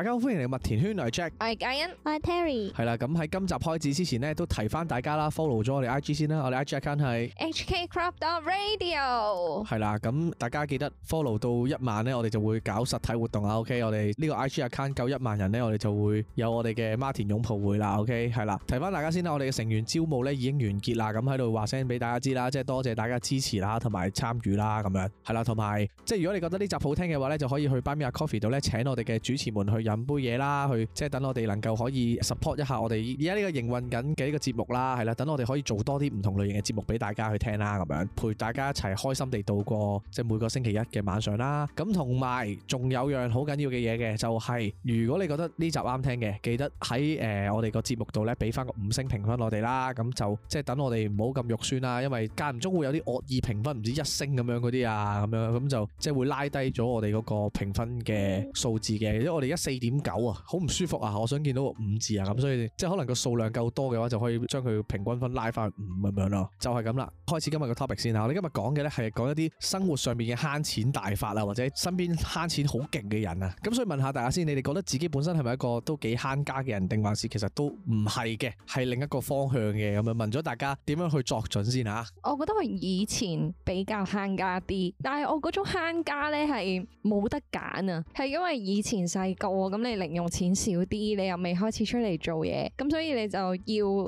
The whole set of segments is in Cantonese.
大家好，歡迎嚟麥田圈嚟 I 'm，Jack，係 Kayan，係 Terri。係啦，咁喺今集開始之前呢，都提翻大家啦，follow 咗我哋 I G 先啦，我哋 I G account 係 HK Crop Dot Radio。係啦，咁大家記得 follow 到一萬咧，我哋就會搞實體活動啦。OK，我哋呢個 I G account 夠一萬人咧，我哋就會有我哋嘅麥田擁抱會啦。OK，係啦，提翻大家先啦，我哋嘅成員招募咧已經完結啦，咁喺度話聲俾大家知啦，即係多謝大家支持啦，同埋參與啦，咁樣係啦，同埋即係如果你覺得呢集好聽嘅話咧，就可以去 Buy Me a Coffee 度咧，請我哋嘅主持們去。飲杯嘢啦，去即係等我哋能夠可以 support 一下我哋而家呢個營運緊嘅呢個節目啦，係啦，等我哋可以做多啲唔同類型嘅節目俾大家去聽啦，咁樣陪大家一齊開心地度過即係每個星期一嘅晚上啦。咁同埋仲有樣好緊要嘅嘢嘅，就係、是、如果你覺得呢集啱聽嘅，記得喺誒、呃、我哋個節目度咧俾翻個五星評分我哋啦。咁就即係等我哋唔好咁肉酸啦，因為間唔中會有啲惡意評分唔知一星咁樣嗰啲啊，咁樣咁就即係會拉低咗我哋嗰個評分嘅數字嘅，因為我哋一四點九啊，好唔舒服啊！我想見到個五字啊，咁所以即係可能個數量夠多嘅話，就可以將佢平均分拉翻去五咁樣咯，就係咁啦。開始今日個 topic 先吓，我哋今日講嘅咧係講一啲生活上面嘅慳錢大法啊，或者身邊慳錢好勁嘅人啊。咁所以問下大家先，你哋覺得自己本身係咪一個都幾慳家嘅人，定還，還是其實都唔係嘅，係另一個方向嘅咁樣？問咗大家點樣去作準先吓、啊？我覺得我以前比較慳家啲，但係我嗰種慳家咧係冇得揀啊，係因為以前細個。咁你零用錢少啲，你又未開始出嚟做嘢，咁所以你就要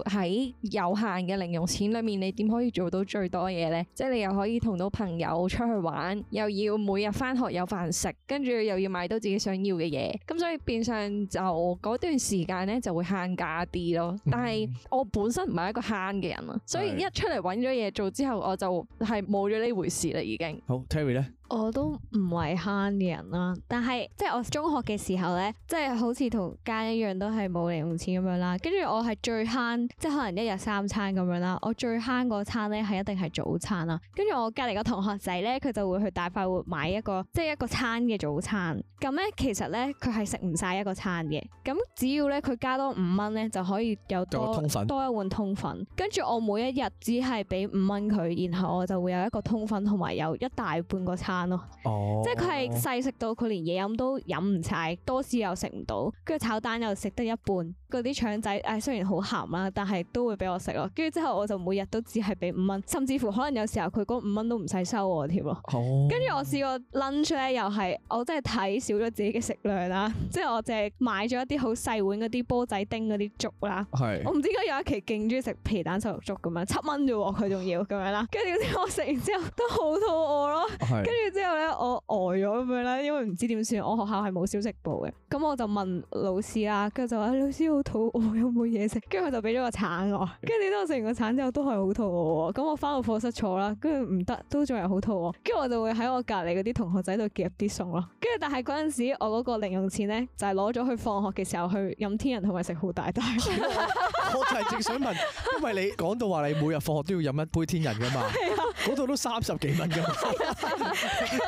喺有限嘅零用錢裏面，你點可以做到最多嘢咧？即係你又可以同到朋友出去玩，又要每日返學有飯食，跟住又要買到自己想要嘅嘢，咁所以變相就嗰段時間咧就會慳家啲咯。但係我本身唔係一個慳嘅人啊，嗯、所以一出嚟揾咗嘢做之後，我就係冇咗呢回事啦，已經好。好，Terri 咧。我都唔係慳嘅人啦，但係即係我中學嘅時候咧，即係好似同家一樣都係冇零用錢咁樣啦。跟住我係最慳，即係可能一日三餐咁樣啦。我最慳嗰餐咧係一定係早餐啦。跟住我隔離個同學仔咧，佢就會去大快活買一個即係一個餐嘅早餐。咁咧其實咧佢係食唔晒一個餐嘅。咁只要咧佢加多五蚊咧就可以有多多一碗通粉。跟住我每一日只係俾五蚊佢，然後我就會有一個通粉同埋有一大半個餐。哦，即係佢係細食到，佢連嘢飲都飲唔晒，多士又食唔到，跟住炒蛋又食得一半。嗰啲腸仔，唉，雖然好鹹啦，但係都會俾我食咯。跟住之後，我就每日都只係俾五蚊，甚至乎可能有時候佢嗰五蚊都唔使收我添咯。跟住、oh。我試過 lunch 咧，又係我真係睇少咗自己嘅食量啦，即係我淨係買咗一啲好細碗嗰啲波仔丁嗰啲粥啦。是我唔知點解有一期勁中意食皮蛋瘦肉粥咁樣，七蚊啫喎，佢仲要咁樣啦。跟住之後我食完之後都好肚餓咯，跟住、oh。之後咧我呆咗咁樣啦，因為唔知點算，我學校係冇小食部嘅，咁我就問老師啦，跟住就話老師，老師肚餓有冇嘢食？跟住佢就俾咗個橙我橙，跟住你都食完個橙之後都係好肚餓喎。咁我翻到課室坐啦，跟住唔得，都仲係好肚餓。跟住我就會喺我隔籬嗰啲同學仔度夾啲餸咯。跟住但係嗰陣時我嗰個零用錢咧就係攞咗去放學嘅時候去飲天人同埋食好大堆。 我就係正想問，因為你講到話你每日放學都要飲一杯天人噶嘛，嗰度是的 都三十幾蚊噶，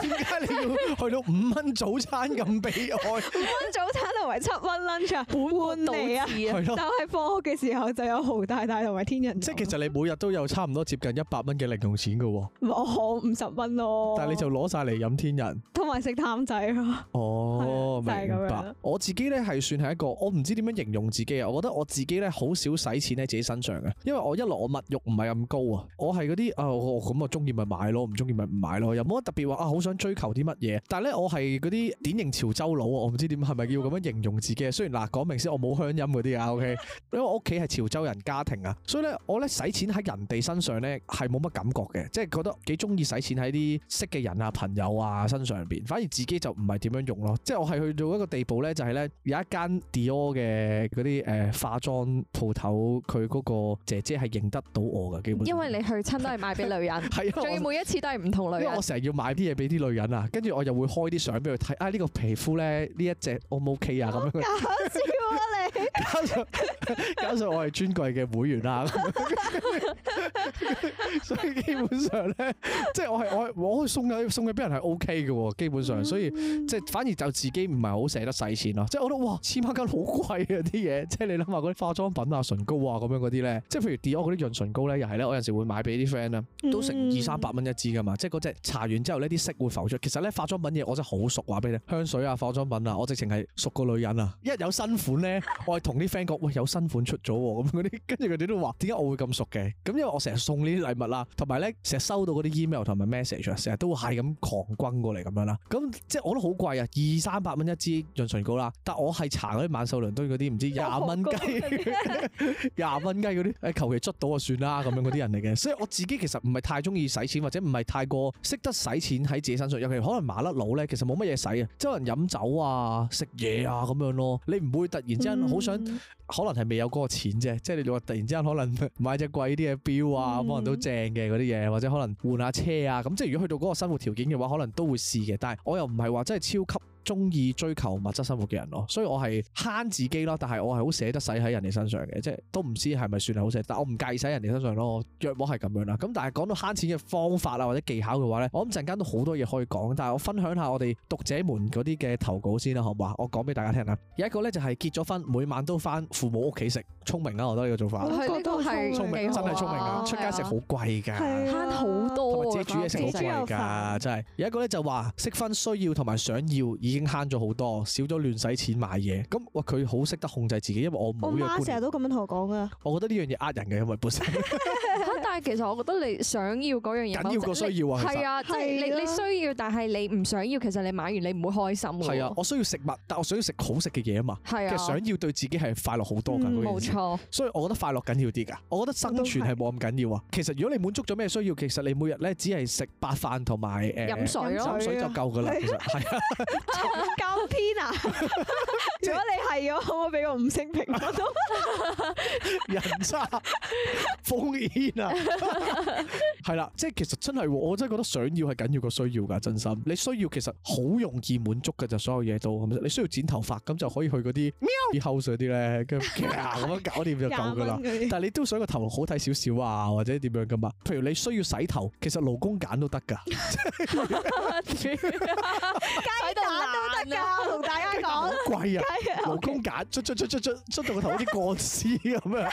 點解是的 你要去到五蚊早餐咁悲哀？五蚊早餐同埋七蚊 lunch 換唔換你啊？ 對但係放學嘅時候就有豪大大同埋天人，即係其實你每日都有差唔多接近一百蚊嘅零用錢噶喎。哦哦，我五十蚊咯，但係你就攞晒嚟飲天人，哦，同埋食淡仔咯，哦明白，我自己咧係算係一個，我唔知點樣形容自己啊，我覺得我自己咧好少使錢喺自己身上嘅。因為我一來我物欲唔係咁高啊，我係嗰啲啊我咁我中意咪買咯，唔中意咪唔買咯，又冇乜特別話啊好想追求啲乜嘢，但係咧我係嗰啲典型潮州佬啊，我唔知點係咪要咁樣形容自己啊，雖然嗱講、呃、明先，我冇香飲。啲啊，OK，因為我屋企係潮州人家庭啊，所以咧我咧使錢喺人哋身上咧係冇乜感覺嘅，即係覺得幾中意使錢喺啲識嘅人啊、朋友啊身上邊，反而自己就唔係點樣用咯。即係我係去到一個地步咧，就係咧有一間 Dior 嘅嗰啲誒化妝鋪頭，佢嗰個姐姐係認得到我嘅，基本上 因為你去親都係賣俾女人，係 啊，仲要每一次都係唔同女人。 我成日要買啲嘢俾啲女人啊，跟住我又會開啲相俾佢睇啊，呢個皮膚咧呢一隻 O 唔 O K 啊咁樣。 加上加上我係專櫃嘅會員啦， 所以基本上咧，即、就、係、是、我係我我送嘅送嘅俾人係 O K 嘅喎，基本上，嗯、所以即係、就是、反而就自己唔係好捨得使錢咯，即、就、係、是、我覺得哇，千蚊斤好貴啊啲嘢，即係、就是、你諗下嗰啲化妝品啊、唇膏啊咁樣嗰啲咧，即係譬如 Dior 嗰啲潤唇膏咧，又係咧，我有時會買俾啲 friend 啊，都成二三百蚊一支噶嘛，即係嗰隻搽完之後呢啲色會浮出，其實咧化妝品嘢我真係好熟，話俾你聽，香水啊、化妝品啊，我直情係熟過女人啊，一有新款咧～ 我係同啲 friend 講，喂，有新款出咗喎，哦，咁嗰啲跟住佢哋都話，點解我會咁熟嘅？咁因為我成日送呢啲禮物啦，同埋咧成日收到嗰啲 email 同埋 message，成日都會係咁狂轟過嚟咁樣啦。咁即係我都好貴啊，二三百蚊一支潤唇膏啦，但我係搽嗰啲曼秀雷敦嗰啲唔知廿蚊 雞、廿蚊雞嗰啲，求其捉到就算啦咁樣嗰啲人嚟嘅。所以我自己其實唔係太中意使錢，或者唔係太過識得使錢喺自己身上，尤其可能麻甩佬咧，其實冇乜嘢使啊，即係有人飲酒啊、食嘢啊咁樣咯，你唔會突然之間。嗯好想，嗯、可能係未有嗰個錢啫，即係你話突然之間可能買隻貴啲嘅錶啊，嗯、可能都正嘅啲嘢，或者可能換下車啊，咁即係如果去到個生活條件嘅話可能都會試嘅。但係我又唔係話真係超級。中意追求物質生活嘅人咯，所以我係慳自己咯，但係我係好捨得使喺人哋身上嘅，即係都唔知係咪算係好捨，但我唔介意使人哋身上咯，欲望係咁樣啦。咁但係講到慳錢嘅方法啊或者技巧嘅話咧，我諗陣間都好多嘢可以講，但係我分享下我哋讀者們嗰啲嘅投稿先啦，好唔好？我講俾大家聽啊！有一個咧就係結咗婚，每晚都翻父母屋企食，聰明啊！我，我覺得呢個做法，我係都係聰明，明真係聰明啊！出街食好貴噶，慳好多啊，同埋自己煮嘢食好貴噶，啊、真係的。有，有一個咧就話，識分需要同埋想要已經慳咗好多，少咗亂使錢買嘢。咁，哇，佢好識得控制自己，因為我冇。我媽成日都咁樣同我講噶。我覺得呢樣嘢呃人嘅，因為本身。但係其實我覺得你想要嗰樣嘢緊要過需要啊。係啊，即係你你需要，但係你唔想要，其實你買完你唔會開心嘅。係啊，我需要食物，但我想要食好食嘅嘢啊嘛。係啊，想要對自己係快樂好多噶。冇錯。所以我覺得快樂緊要啲噶。我覺得生存係冇咁緊要啊。其實如果你滿足咗咩需要，其實你每日咧只係食白飯同埋誒，飲水咯，飲水就夠噶啦。其實係啊。膠片啊！ 如果你係嘅，可唔可以俾個五星評分？ 差？都人渣，瘋癲啊！係 啦，即係其實真係，我真係覺得想要係緊要過需要噶，真心你需要其實好容易滿足嘅就所有嘢都係咪，你需要剪頭髮咁就可以去嗰啲啲后水啲咧，跟住咁樣搞掂就夠噶啦。 但係你都想個頭好睇少少啊，或者點樣噶嘛？譬如你需要洗頭，其實勞工揀都得噶。都得噶，同大家講，好貴啊，無公揀，出出出出出到個頭啲鋼絲咁樣，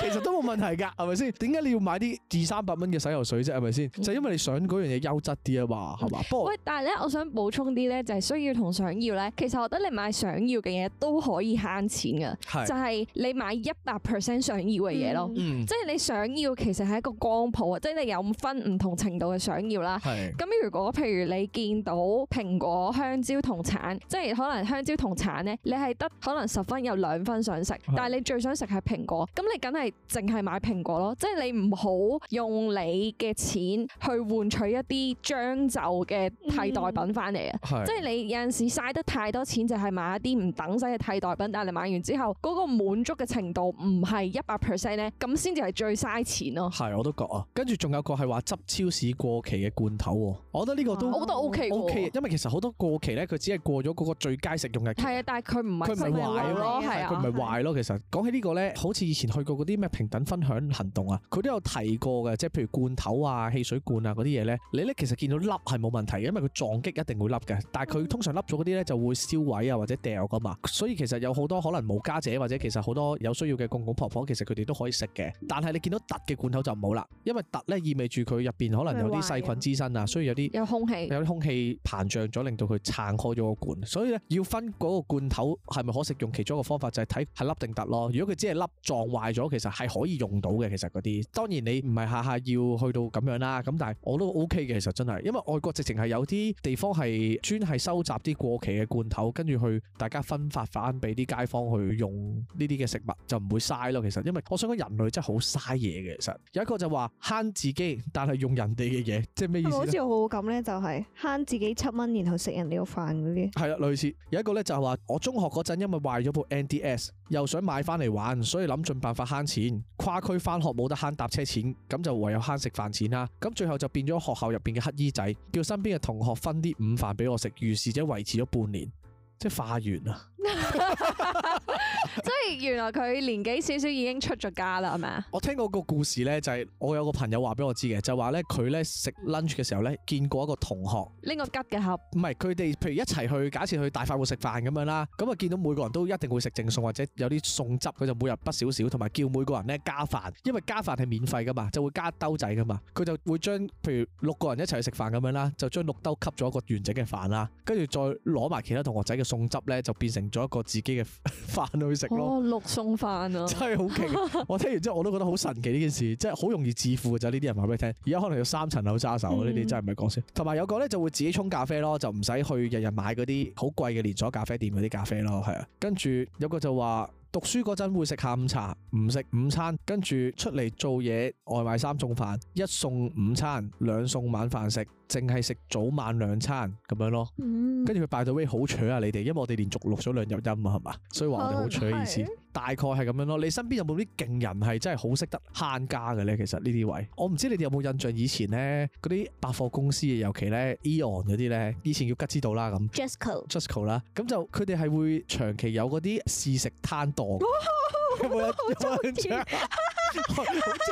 其實都冇問題㗎，係咪先？點解你要買啲二三百蚊嘅洗頭水啫？係咪先？就因為你想嗰樣嘢優質啲啊嘛，係嘛？不過，喂，但係咧，我想補充啲咧，就係需要同想要咧，其實我覺得你買想要嘅嘢都可以慳錢㗎，就係你買一百 percent 想要嘅嘢咯，即係你想要其實係一個光譜啊，即係你有分唔同程度嘅想要啦。咁如果譬如你見到蘋果。香蕉同橙，即係可能香蕉同橙咧，你係得可能十分有兩分想食，是的 但係你最想食係蘋果，咁你梗係淨係買蘋果咯，即係你唔好用你嘅錢去換取一啲將就嘅替代品翻嚟啊！嗯、即係你有陣時嘥得太多錢，就係買一啲唔等使嘅替代品，但係你買完之後嗰、嗰個滿足嘅程度唔係一百 percent 咧，咁先至係最嘥錢咯。係，我都覺啊。跟住仲有個係話執超市過期嘅罐頭，我覺得呢個都、啊、我覺得 OK，OK，因為其實好多。過期咧，佢只係過咗嗰個最佳食用日期。係啊，但係佢唔係佢唔係壞咯，係啊的，佢唔係壞咯。的其實講的起個呢個咧，好似以前去過嗰啲咩平等分享行動啊，佢都有提過嘅，即係譬如罐頭啊、汽水罐啊嗰啲嘢咧。你咧其實見到粒係冇問題嘅，因為佢撞擊一定會粒嘅。但係佢通常粒咗嗰啲咧就會燒毀啊，或者掉㗎嘛。所以其實有好多可能無家者，或者其實好多有需要嘅公公婆，婆婆，其實佢哋都可以食嘅。但係你見到凸嘅罐頭就冇啦，因為凸咧意味住佢入邊可能有啲細菌滋生啊，所以有啲有空氣有啲空氣膨脹咗，令到佢撐開咗個罐，所以咧要分嗰個罐頭係咪可食用？其中一個方法就係睇係凹定凸咯。如果佢只係凹撞壞咗，其實係可以用到嘅。其實嗰啲當然你唔係下下要去到咁樣啦。咁但係我都 O K 嘅，其實真係，因為外國直情係有啲地方係專係收集啲過期嘅罐頭，跟住去大家分發翻俾啲街坊去用呢啲嘅食物，就唔會嘥咯。其實因為我想講人類真係好嘥嘢嘅，其實有一個就話慳自己，但係用人哋嘅嘢，即係咩意思？是是好似好好咁咧，就係、是、慳自己七蚊，然後食。人料飯類似，有一個咧就係話，我中學嗰陣因為壞咗部 NDS，又想買翻嚟玩，所以諗盡辦法慳錢，跨區翻學冇得慳搭車錢，咁就唯有慳食飯錢啦，咁最後就變咗學校入邊嘅乞衣仔，叫身邊嘅同學分啲午飯俾我食，如是者維持咗半年，即係化完啦。 所以原來佢年紀少少已經出咗家啦，係咪啊？我聽過個故事咧，就係、是、我有個朋友話俾我知嘅，就話咧佢咧食 lunch 嘅時候咧，見過一個同學拎個吉嘅盒。唔係，佢哋譬如一齊去，假設去大快活食飯咁樣啦，咁啊見到每個人都一定會食剩餸，或者有啲餸汁，佢就每日不少少，同埋叫每個人咧加飯，因為加飯係免費噶嘛，就會加兜仔噶嘛。佢就會將譬如六個人一齊去食飯咁樣啦，就將六兜吸咗一個完整嘅飯啦，跟住再攞埋其他同學仔嘅餸汁咧，就變成。做一個自己嘅飯去食咯。哦， 六餸飯啊真，真係好勁！我聽完之後我都覺得好神奇呢件事，即係好容易致富就呢啲人話俾你聽。而家可能要三層樓揸手呢啲，嗯、真係唔係講笑？同埋有個咧就會自己沖咖啡咯，就唔使去日日買嗰啲好貴嘅連鎖咖啡店嗰啲咖啡咯，係啊。跟住有個就話讀書嗰陣會食下午茶，唔食午餐，跟住出嚟做嘢外賣三餸飯，一餸午餐，兩餸晚飯食。淨係食早晚兩餐咁樣咯，跟住佢，by the way 好彩啊你哋，因為我哋連續錄咗兩日音啊，係嘛？所以話我哋好彩嘅意思。大概係咁樣咯。你身邊有冇啲勁人係真係好識得慳家嘅咧？其實呢啲位，我唔知你哋有冇印象以前咧嗰啲百貨公司，尤其咧 Eon 嗰啲咧，以前叫吉之島啦咁 Justco、Justco 啦，咁就佢哋係會長期有嗰啲試食攤檔。好好正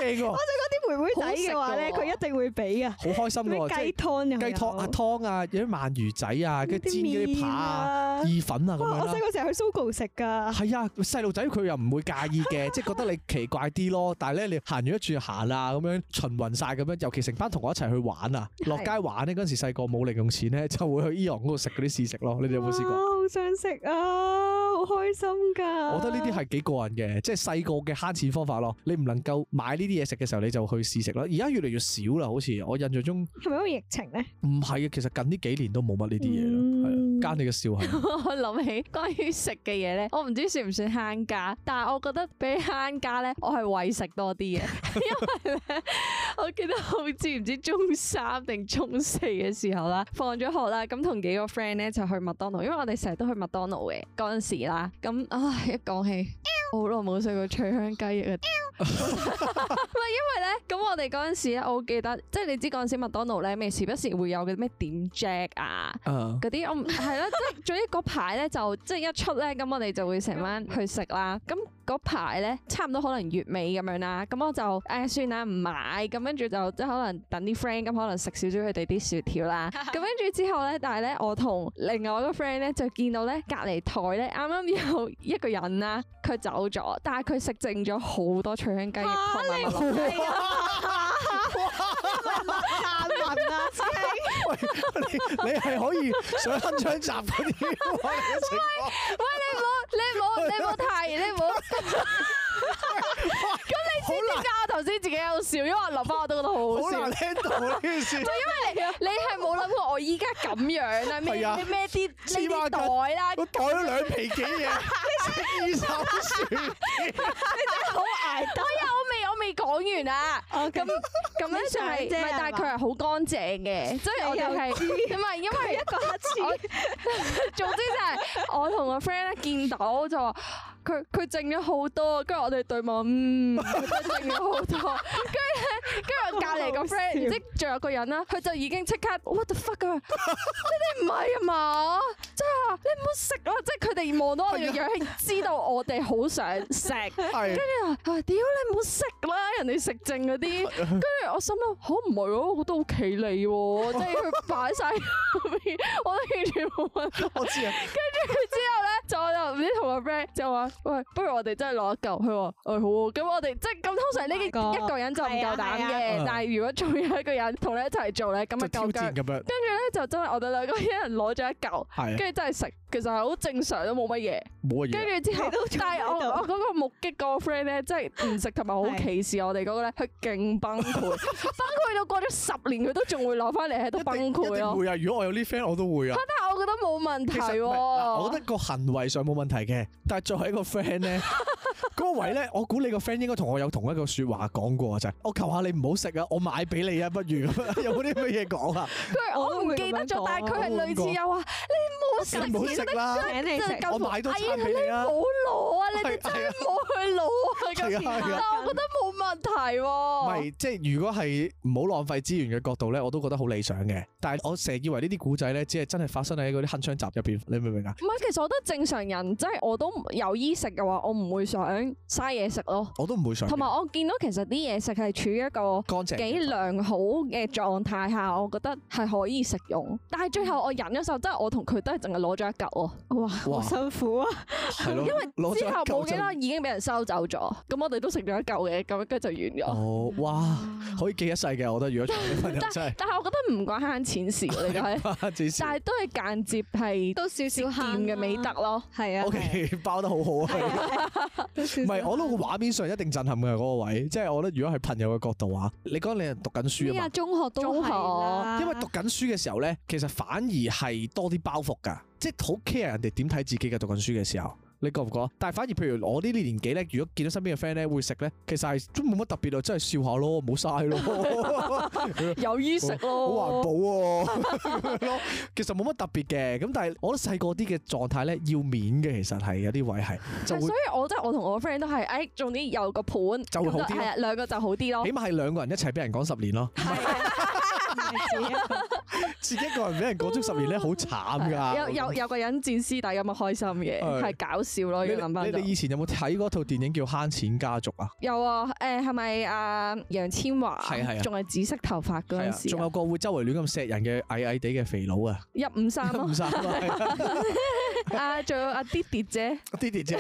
喎，啊。妹妹仔嘅話咧，佢一定會俾啊。好開心噶，即係雞湯又雞湯啊，湯啊，有啲鰻魚仔啊，煎嗰啲扒啊，意粉啊咁樣，我細個成日去 Sogo 食噶。係啊，細路仔佢又唔會介意嘅，即係覺得你奇怪啲咯。但係咧，你行完一轉行啊，咁樣循勻晒咁樣，尤其成班同學一齊去玩啊，落街玩咧，嗰陣時細個冇零用錢咧，就會去 AEON 嗰度食嗰啲試食咯。你哋有冇試過？啊！好想食啊！好開心㗎。我覺得呢啲係幾過癮嘅，即係細個嘅慳錢方法咯。你唔能夠買呢啲嘢食嘅時候，你就去。試食啦，而家越嚟越少啦，好似我印象中係咪因為疫情咧？唔係啊，其實近呢幾年都冇乜呢啲嘢咯，係啊、嗯。加你嘅笑話。 我諗起關於食嘅嘢咧，我唔知係咪算唔算慳家，但係我覺得俾慳家咧，我係餵食多啲嘅。因為咧， 我記得好似唔知中三定中四嘅時候啦，放咗學啦，咁同幾個 friend 咧就去麥當勞，因為我哋成日都去麥當勞嘅嗰陣時啦，咁唉一講起，好耐冇食過脆香雞翼， 因為咧，咁我哋嗰陣時咧，我記得即係你知嗰陣時麥當勞咧，咪時不時會有嘅咩點 Jack 啊，嗰啲我係咯，即係總之嗰排咧，就即係一出咧，咁我哋就會成班 去食啦。咁嗰排咧，差唔多可能月尾咁樣啦。咁我就誒算啦，唔買。咁跟住就即係可能等啲 friend，咁可能食少少佢哋啲薯條啦。咁跟住之後咧，但係咧，我同另外一個 friend 咧就見到咧隔離台咧，啱啱有一個人啦，佢走咗，但係佢食剩咗好多脆香雞翼同埋。你你係可以上翻槍閘嗰啲？喂喂，你唔好你唔好你唔好太，你唔好。咁你知唔知點解我頭先自己喺度笑？因為我留翻我都覺得好好笑。好難聽到呢件事，就因為你你係冇諗過我依家咁樣啊？咩咩啲黐孖袋啦？我袋咗兩皮幾嘢，二三串。你真係好捱得。我未講完啊！咁咁 Okay. 樣算係，唔係、就係，但係佢係好乾淨嘅，所以我哋係、就係，唔係因為一個黑黐， 我 總之就係我同個 friend 咧見到就話。 佢佢剩咗好多，跟住我哋對望，嗯，剩咗好多，跟住咧，跟住隔離個 friend，唔知仲有個人啦，佢就已經即刻 what the fuck 啊！ 你哋唔係啊嘛，真啊！你唔好食啊！即係佢哋望到我哋樣係知道我哋好想食，跟住話，屌你唔好食啦！人哋食剩嗰啲，跟住我心諗，好唔係啊？我都好奇異喎，即係佢擺晒，我完全冇揾我知啊。跟住佢之後咧，就我就唔知同個 friend 就話。喂，不如我哋真係攞一嚿？佢話誒好，咁我哋即係咁通常呢個、oh、my 一個人就唔夠膽嘅，啊啊、但係如果仲有一個人同你一齊做咧，咁咪夠腳。跟住咧就真係我哋兩個人一人攞咗一嚿，跟住 真係食，其實係好正常都冇乜嘢。跟住之後，但係我我嗰個目擊個 friend 咧，即係唔食同埋好歧視我哋嗰個咧，佢勁崩潰，崩潰到過咗十年佢都仲會攞翻嚟喺度崩潰咯。一定會啊！如果我有呢 friend 我都會啊。但係我覺得冇問題喎。我覺得個行為上冇問題嘅，但係作為一個 friend 咧，嗰個位咧，我估你個 friend 應該同我有同一個説話講過就係我求下你唔好食啊，我買俾你啊，不如有冇啲乜嘢講啊？我唔記得咗，但係佢係類似又話你唔好食啦，我買你唔好攞啊！你哋真係唔好去攞啊！但係我覺得冇問題喎。唔係，即係如果係唔好浪費資源嘅角度咧，我都覺得好理想嘅。但係我成日以為呢啲古仔咧，只係真係發生喺嗰啲鏗鏘集入邊，你明唔明啊？唔係，其實我覺得正常人真係、即係、我都有衣食嘅話，我唔會想嘥嘢食咯。我都唔會想。同埋我見到其實啲嘢食係處於一個幾良好嘅狀態下，我覺得係可以食用。但係最後我忍咗手真，即係我同佢都係淨係攞咗一嚿喎。哇！好哇辛苦啊！係咯，因為之後冇幾啦，已經俾人收走咗，咁我哋都食咗一嚿嘅，咁跟住就完咗。哦，哇，可以記一世嘅，我覺得如果做朋友真 但係我覺得唔關慳錢事嚟嘅，慳錢 但係都係間接係都少少慳嘅美德咯，係啊。O K，包得好好啊。係了。唔係， 我諗個畫面上一定震撼嘅嗰，那個位，即係我覺得如果係朋友嘅角度話，你講你係讀緊書啊，中學都好，因為讀緊書嘅時候咧，其實反而係多啲包袱噶。即係好 care 人哋點睇自己嘅讀緊書嘅時候，你覺唔覺啊？但係反而譬如我呢啲年紀咧，如果見到身邊嘅 friend 咧會食咧，其實係都冇乜特別咯，真係笑下咯，唔好嘥咯， 有衣食服咯、啊哦，好環保喎、啊。 其實冇乜特別嘅，咁但係我覺得細個啲嘅狀態咧，要面嘅，其實係有啲位係就會。所以我覺得我同我 friend 都係，哎，仲啲有個伴就會好啲就，係啊對，兩個就好啲咯。起碼係兩個人一齊俾人講十年咯。 自己一個人俾人過足十年咧，好慘噶！有有有個人剪尸底有冇開心嘅？係、啊、搞笑咯，呢個諗法。你哋以前有冇睇嗰套電影叫《慳錢家族》啊？有啊，誒、呃，係咪、呃、啊？楊千嬅？係係，仲係紫色頭髮嗰陣時、啊，仲、啊、有個會周圍亂咁錫人嘅矮矮地嘅肥佬啊！一五三咯。 啊，仲有阿 Didi 姐，Didi 姐，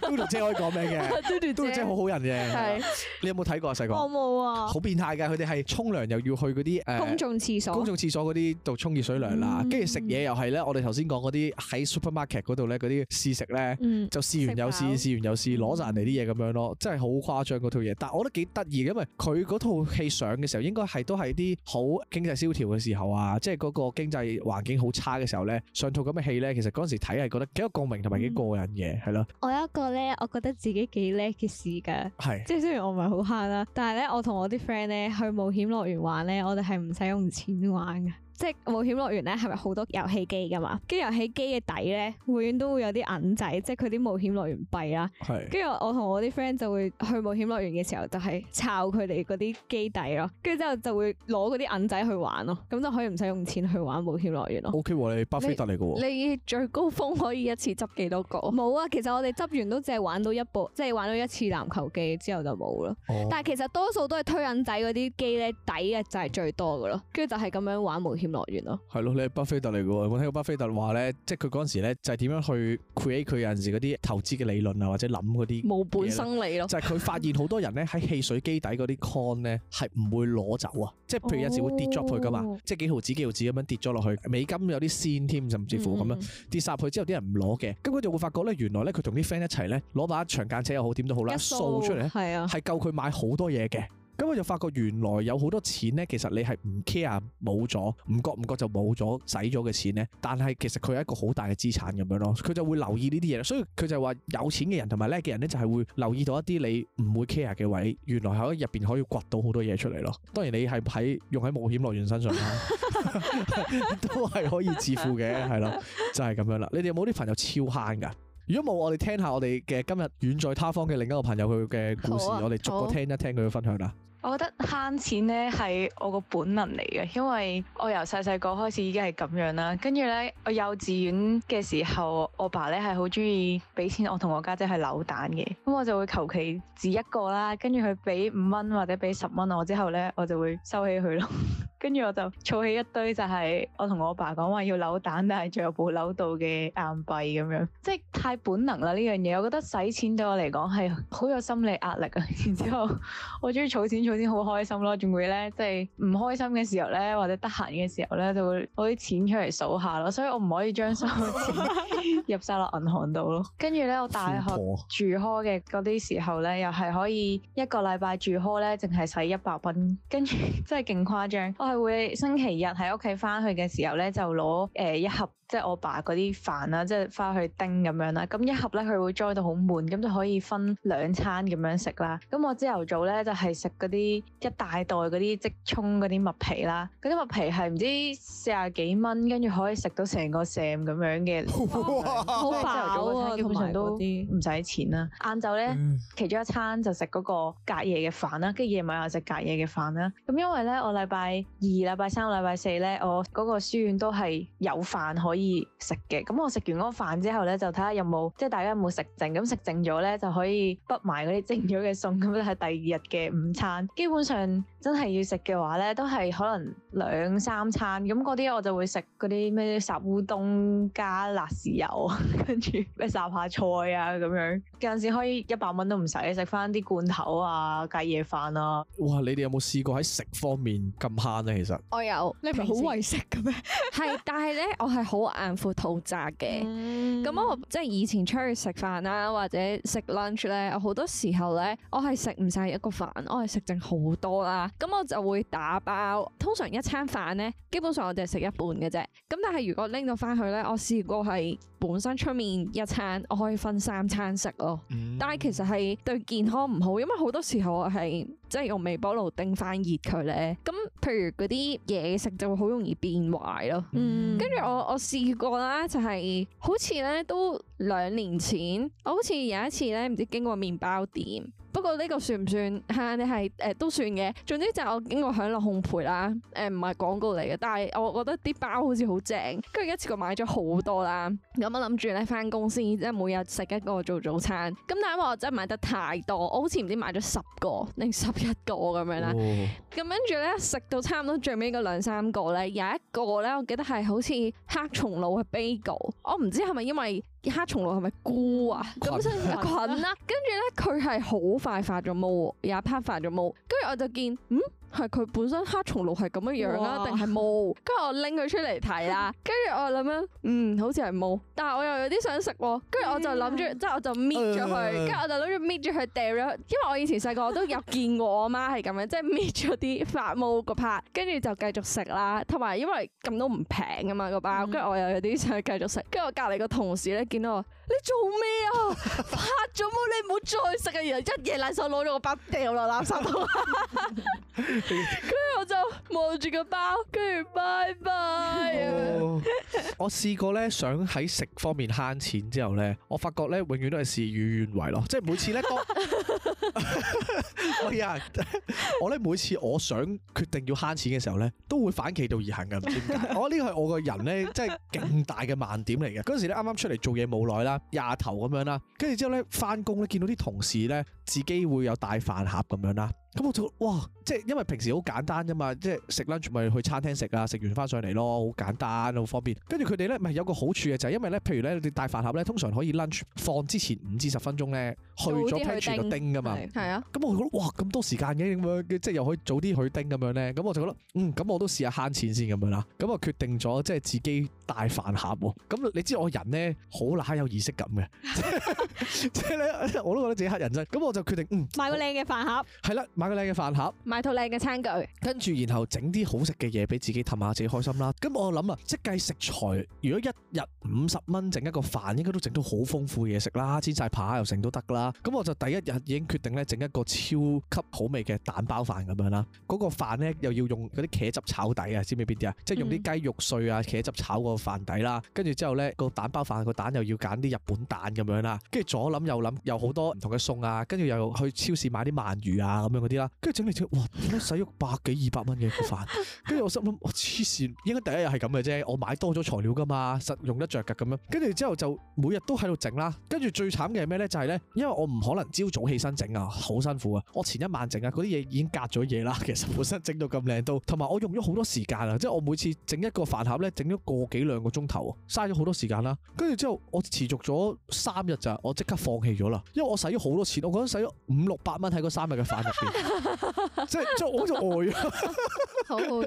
嘟嘟叮姐， 是姐可以講咩嘅？嘟嘟姐好好人嘅。係是，你有冇睇過啊？細個？我冇啊！好變態㗎，佢哋係沖涼又要去嗰啲誒，呃、公眾廁所，公眾廁所嗰啲度沖熱水涼啦，跟住食嘢又係咧，我哋頭先講嗰啲喺 supermarket 嗰度咧，嗰啲試食咧，就試完又試，試完又試，攞晒人哋啲嘢咁樣咯，真係好誇張嗰套嘢。但係我覺得幾得意，因為佢嗰套戲上嘅時候應該係都係啲好經濟蕭條嘅時候啊，即係嗰個經濟環境好差嘅時候咧，上。做咁嘅戲咧，其實嗰陣時睇係覺得幾有共鳴同埋幾過癮嘅，係咯、嗯。是吧 我有一個咧，我覺得自己幾叻嘅事㗎。係是，即係雖然我唔係好慳啦，但係咧，我同我啲 friend 咧去冒險樂園玩咧，我哋係唔使用錢玩嘅。即係冒險樂園咧，係咪好多遊戲機噶嘛？跟住遊戲機嘅底咧，永遠都會有啲銀仔，即係佢啲冒險樂園幣啦。係是。跟住我同我啲 friend 就會去冒險樂園嘅時候，就係抄佢哋嗰啲機底咯。跟住之後就會攞嗰啲銀仔去玩咯，咁就可以唔使用，用錢去玩冒險樂園咯。OK，你巴菲特嚟嘅喎。你最高峰可以一次執幾多個？冇 啊，其實我哋執完都淨係玩到一部， 即係玩到一次籃球機之後就冇咯。Oh. 但係其實多數都係推銀仔嗰啲機咧，底嘅就係最多嘅咯。跟住就係咁樣玩冒險來源咯，係咯，你係巴菲特嚟嘅。我聽過巴菲特話咧，即係佢嗰陣時咧，就係、是、點樣去 create 佢有陣時嗰啲投資嘅理論啊，或者諗嗰啲冇本生利咯。就係佢發現好多人咧喺 汽水機底嗰啲 coin 咧係唔會攞走啊，即係譬如有陣時會跌咗落去噶嘛，哦、即係幾毫子幾毫子咁樣跌咗落去，美金有啲先添，甚至乎咁樣跌晒入去之後，啲人唔攞嘅，咁佢就會發覺咧，原來咧佢同啲 friend 一齊咧，攞把長間車又好，點都好啦，掃出嚟咧係啊，係夠佢買好多嘢嘅。咁我就發覺原來有好多錢咧，其實你係唔 care 冇咗，唔覺唔覺就冇咗，使咗嘅錢咧。但係其實佢係一個好大嘅資產咁樣咯，佢就會留意呢啲嘢。所以佢就話有錢嘅人同埋叻嘅人咧，就係會留意到一啲你唔會 care 嘅位，原來喺入邊可以掘到好多嘢出嚟咯。當然你係喺用喺冒險樂園身上 都係可以致富嘅，係咯，就係、是、咁樣啦。你哋有冇啲朋友超慳㗎？如果冇，我哋聽下我哋嘅今日遠在他方嘅另一個朋友佢嘅故事，啊、我哋逐個聽一聽佢嘅分享啦。我覺得慳錢咧係我個本能嚟嘅，因為我由細細個開始已經係咁樣啦。跟住咧，我幼稚園嘅時候，我爸咧係好中意俾錢我同我家姐去扭蛋嘅。咁我就會求其指一個啦，跟住佢俾五蚊或者俾十蚊我之後咧，我就會收起佢咯。 跟住我就儲起一堆，就係我同我爸講話要扭蛋，但係最後冇扭到嘅硬幣咁樣，即係太本能啦呢樣嘢。我覺得使錢對我嚟講係好有心理壓力啊。然之後我中意儲錢儲錢好開心咯，仲會咧即係唔開心嘅時候咧，或者得閒嘅時候咧，就會攞啲錢出嚟數下咯。所以我唔可以將所有錢入晒落銀行度咯。跟住咧，我大學住開嘅嗰啲時候咧，又係可以一個禮拜住開咧，淨係使一百蚊，跟住真係勁誇張。我係會星期日喺屋企返去嘅時候咧，就攞誒一盒。即係我爸嗰啲飯啦，即係翻去叮咁樣啦，咁一盒咧佢會裝到好滿，咁就可以分兩餐咁樣食啦。咁我朝頭早咧就係食嗰啲一大袋嗰啲即沖嗰啲麥皮啦，嗰啲麥皮係唔知四十幾蚊，跟住可以食到成個 sem 咁樣嘅，哇好飽啊！早基本上都唔使錢啦。晏晝咧其中一餐就食嗰個隔夜嘅飯啦，跟住夜晚又食隔夜嘅飯啦。咁因為咧我禮拜二、禮拜三、禮拜四咧我嗰個書院都係有飯可以。可以食嘅，咁、 嗯、我食完嗰個飯之後咧，就睇下有冇即係大家有冇食剩。咁、嗯、食剩咗咧就可以不埋嗰啲剩咗嘅餸，咁咧係第二日嘅午餐。基本上真係要食嘅話咧，都係可能兩三餐。咁嗰啲我就會食嗰啲咩烚烏冬加辣豉油，跟住咩烚下菜啊咁樣。有陣時可以一百蚊都唔使，食翻啲罐頭啊、隔夜飯啊。哇！你哋有冇試過喺食方面咁慳咧？其實我有。你係咪平時好為食嘅咩？係，但係咧我係好眼闊肚窄嘅，咁、嗯、我即係以前出去食飯啦，或者食 lunch 咧，我好多時候咧，我係食唔晒一個飯，我係食剩好多啦，咁我就會打包。通常一餐飯咧，基本上我哋係食一半嘅啫，咁但係如果拎到翻去咧，我試過係。本身出面一餐，我可以分三餐食咯。嗯、但係其實係對健康唔好，因為好多時候我係即係用微波爐叮翻熱佢咧。咁譬如嗰啲嘢食就會好容易變壞咯。跟、嗯、住、嗯、我我試過啦、就是，就係好似咧都。兩年前，我好似有一次咧，唔知經過麵包店。不過呢個算唔算嚇？你係誒、呃、都算嘅。總之就我經過享樂烘焙啦，誒唔係廣告嚟嘅，但係我覺得啲包好似好正。跟住一次過買咗好多啦，咁我諗住咧翻公司，即係每日食一個做早餐。咁但係因為我真係買得太多，我好似唔知買咗十個定十一個咁樣啦。咁跟住咧食到差唔多最尾嗰兩三個咧，有一個咧我記得係好似黑松露嘅 bagel。我唔知係咪因為。黑松露係咪菇啊？咁生菌啦，跟住咧佢係好快發咗毛，有一 part 發咗毛，跟住我就見，嗯，係佢本身黑松露係咁樣樣啊，定係毛？跟住我拎佢出嚟睇啦，跟住我諗樣，嗯，好似係毛，但係我又有啲想食，啊，跟住我就諗住，啊，即係我就搣咗佢，跟住，啊啊，我就諗住搣咗佢掉咗，因為我以前細個都有見過我阿媽係咁樣，即係搣咗啲發毛個 part，跟住就繼續食啦，同埋因為咁都唔平㗎嘛個包，跟住我又有啲想繼續食，跟住我隔籬個同事咧。你做咩啊？發咗冇？你唔好再食啊！然後一夜難手攞咗個包掉落垃圾桶，跟住我就望住個包，跟住拜拜啊！哦，我試過咧，想喺食方面慳錢之後咧，我發覺咧永遠都係事與願違咯。即係每次咧 喂啊！ 我咧每次我想決定要慳錢嘅時候咧，都會反其道而行噶唔知點解。我呢個係我個人咧，即係勁大嘅盲點嚟嘅。嗰時咧，啱啱出嚟做嘢冇耐啦，廿頭咁樣啦，跟住之後咧，翻工咧見到啲同事咧，自己會有帶飯盒咁樣啦。咁我就覺得哇，即係因為平時好簡單啫嘛，即係食 lunch 咪去餐廳食啊，食完翻上嚟咯，好簡單，好方便。跟住佢哋咧，咪有個好處嘅就係因為咧，譬如咧你帶飯盒咧，通常可以 lunch 放之前五至十分鐘咧，去咗餐廳就叮噶嘛。咁對、嗯、我覺得哇，咁多時間嘅即係又可以早啲去叮咁樣咧。咁我就覺得嗯，咁我都試下慳錢先咁樣啦。咁我決定咗即係自己帶飯盒，哦。咁你知我人咧好乸有儀式感嘅，即係咧我都覺得自己乞人憎。咁我就決定嗯，買個靚嘅飯盒。係啦。買靚嘅飯盒，買套靚嘅餐具，跟住然後整啲好食嘅嘢俾自己氹下自己開心啦。咁我諗啊，即係計食材，如果一日五十蚊整一個飯，應該都整到好豐富嘢食啦。煎晒扒又成都得啦。咁我就第一日已經決定咧，整一個超級好味嘅蛋包飯咁樣啦。嗰個飯咧又要用嗰啲茄汁炒底啊，知唔知邊啲啊？即係用啲雞肉碎啊、茄汁炒個飯底啦。跟住之後咧，個蛋包飯，個蛋又要揀啲日本蛋咁樣啦。跟住左諗右諗又好多唔同嘅餸啊。跟住又去超市買啲鰻魚啊咁樣啲。跟住整嚟整，哇！點解使咗百幾二百蚊嘅飯？跟住我心諗，我黐線，應該第一日係咁嘅啫。我買多咗材料噶嘛，實用得着㗎咁樣。跟住之後就每日都喺度整啦。跟住最慘嘅係咩咧？就係咧，因為我唔可能朝早起身整啊，好辛苦啊。我前一晚整啊，嗰啲嘢已經隔咗嘢啦。其實本身整到咁靚都，同埋我用咗好多時間啊。即係我每次整一個飯盒咧，整咗個幾兩個鐘頭，嘥咗好多時間啦。跟住之後我持續咗三日就，我即刻放棄咗啦，因為我使咗好多錢，我覺得使咗五六百蚊喺嗰三日嘅飯入邊。即係即係，我就呆咗。好，好你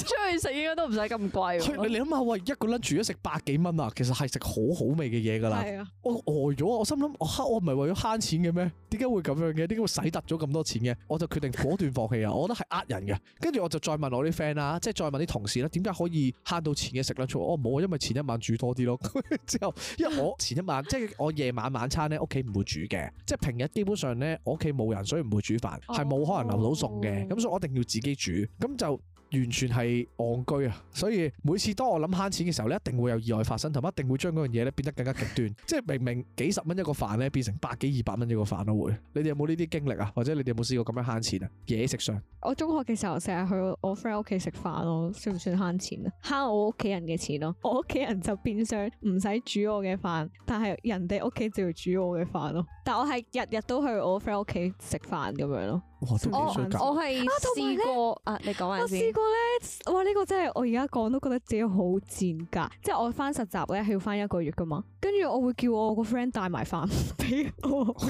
出去食應該都唔使咁貴。你你諗下，喂，一個人煮咗食百幾蚊啊！其實係食好好味嘅嘢噶啦。 我呆咗，我心諗，我慳，我唔係為咗慳錢嘅咩？點解會咁樣嘅？點解會使突咗咁多錢嘅？我就決定果斷放棄啊！我覺得係呃人嘅。跟住我就再問我啲 friend 啦，即係再問啲同事咧，點解可以慳到錢嘅食 lunch？我冇好啊，因為前一晚煮多啲咯。之後，因為我前一晚即係 我夜晚晚餐咧，屋企唔會煮嘅，即係平日基本上咧，我屋企冇人，所以唔會煮飯。係冇可能留到餸嘅，咁、oh. 所以我一定要自己煮，咁就完全係戇居啊！所以每次當我諗慳錢嘅時候咧，一定會有意外發生，同埋一定會將嗰樣嘢咧，變得更加極端， 即係明明幾十蚊一個飯咧，變成百幾二百蚊一個飯都會。你哋有冇呢啲經歷啊？或者你哋有冇試過咁樣慳錢啊？嘢食上，我中學嘅時候成日去我 friend 屋企食飯咯，算唔算慳錢啊？慳我屋企人嘅錢咯，我屋企人，人就變相唔使煮我嘅飯，但係人哋屋企就要煮我嘅飯咯。但我係日日都去我 friend 屋企食飯咁樣咯。我我係試過啊，啊，你講完先、啊。我試過咧，哇呢、呢個真係我而家講都覺得自己好賤格。即係、嗯、我翻實習咧係要翻一個月噶嘛，跟住我會叫我個 friend 帶埋飯俾我，哇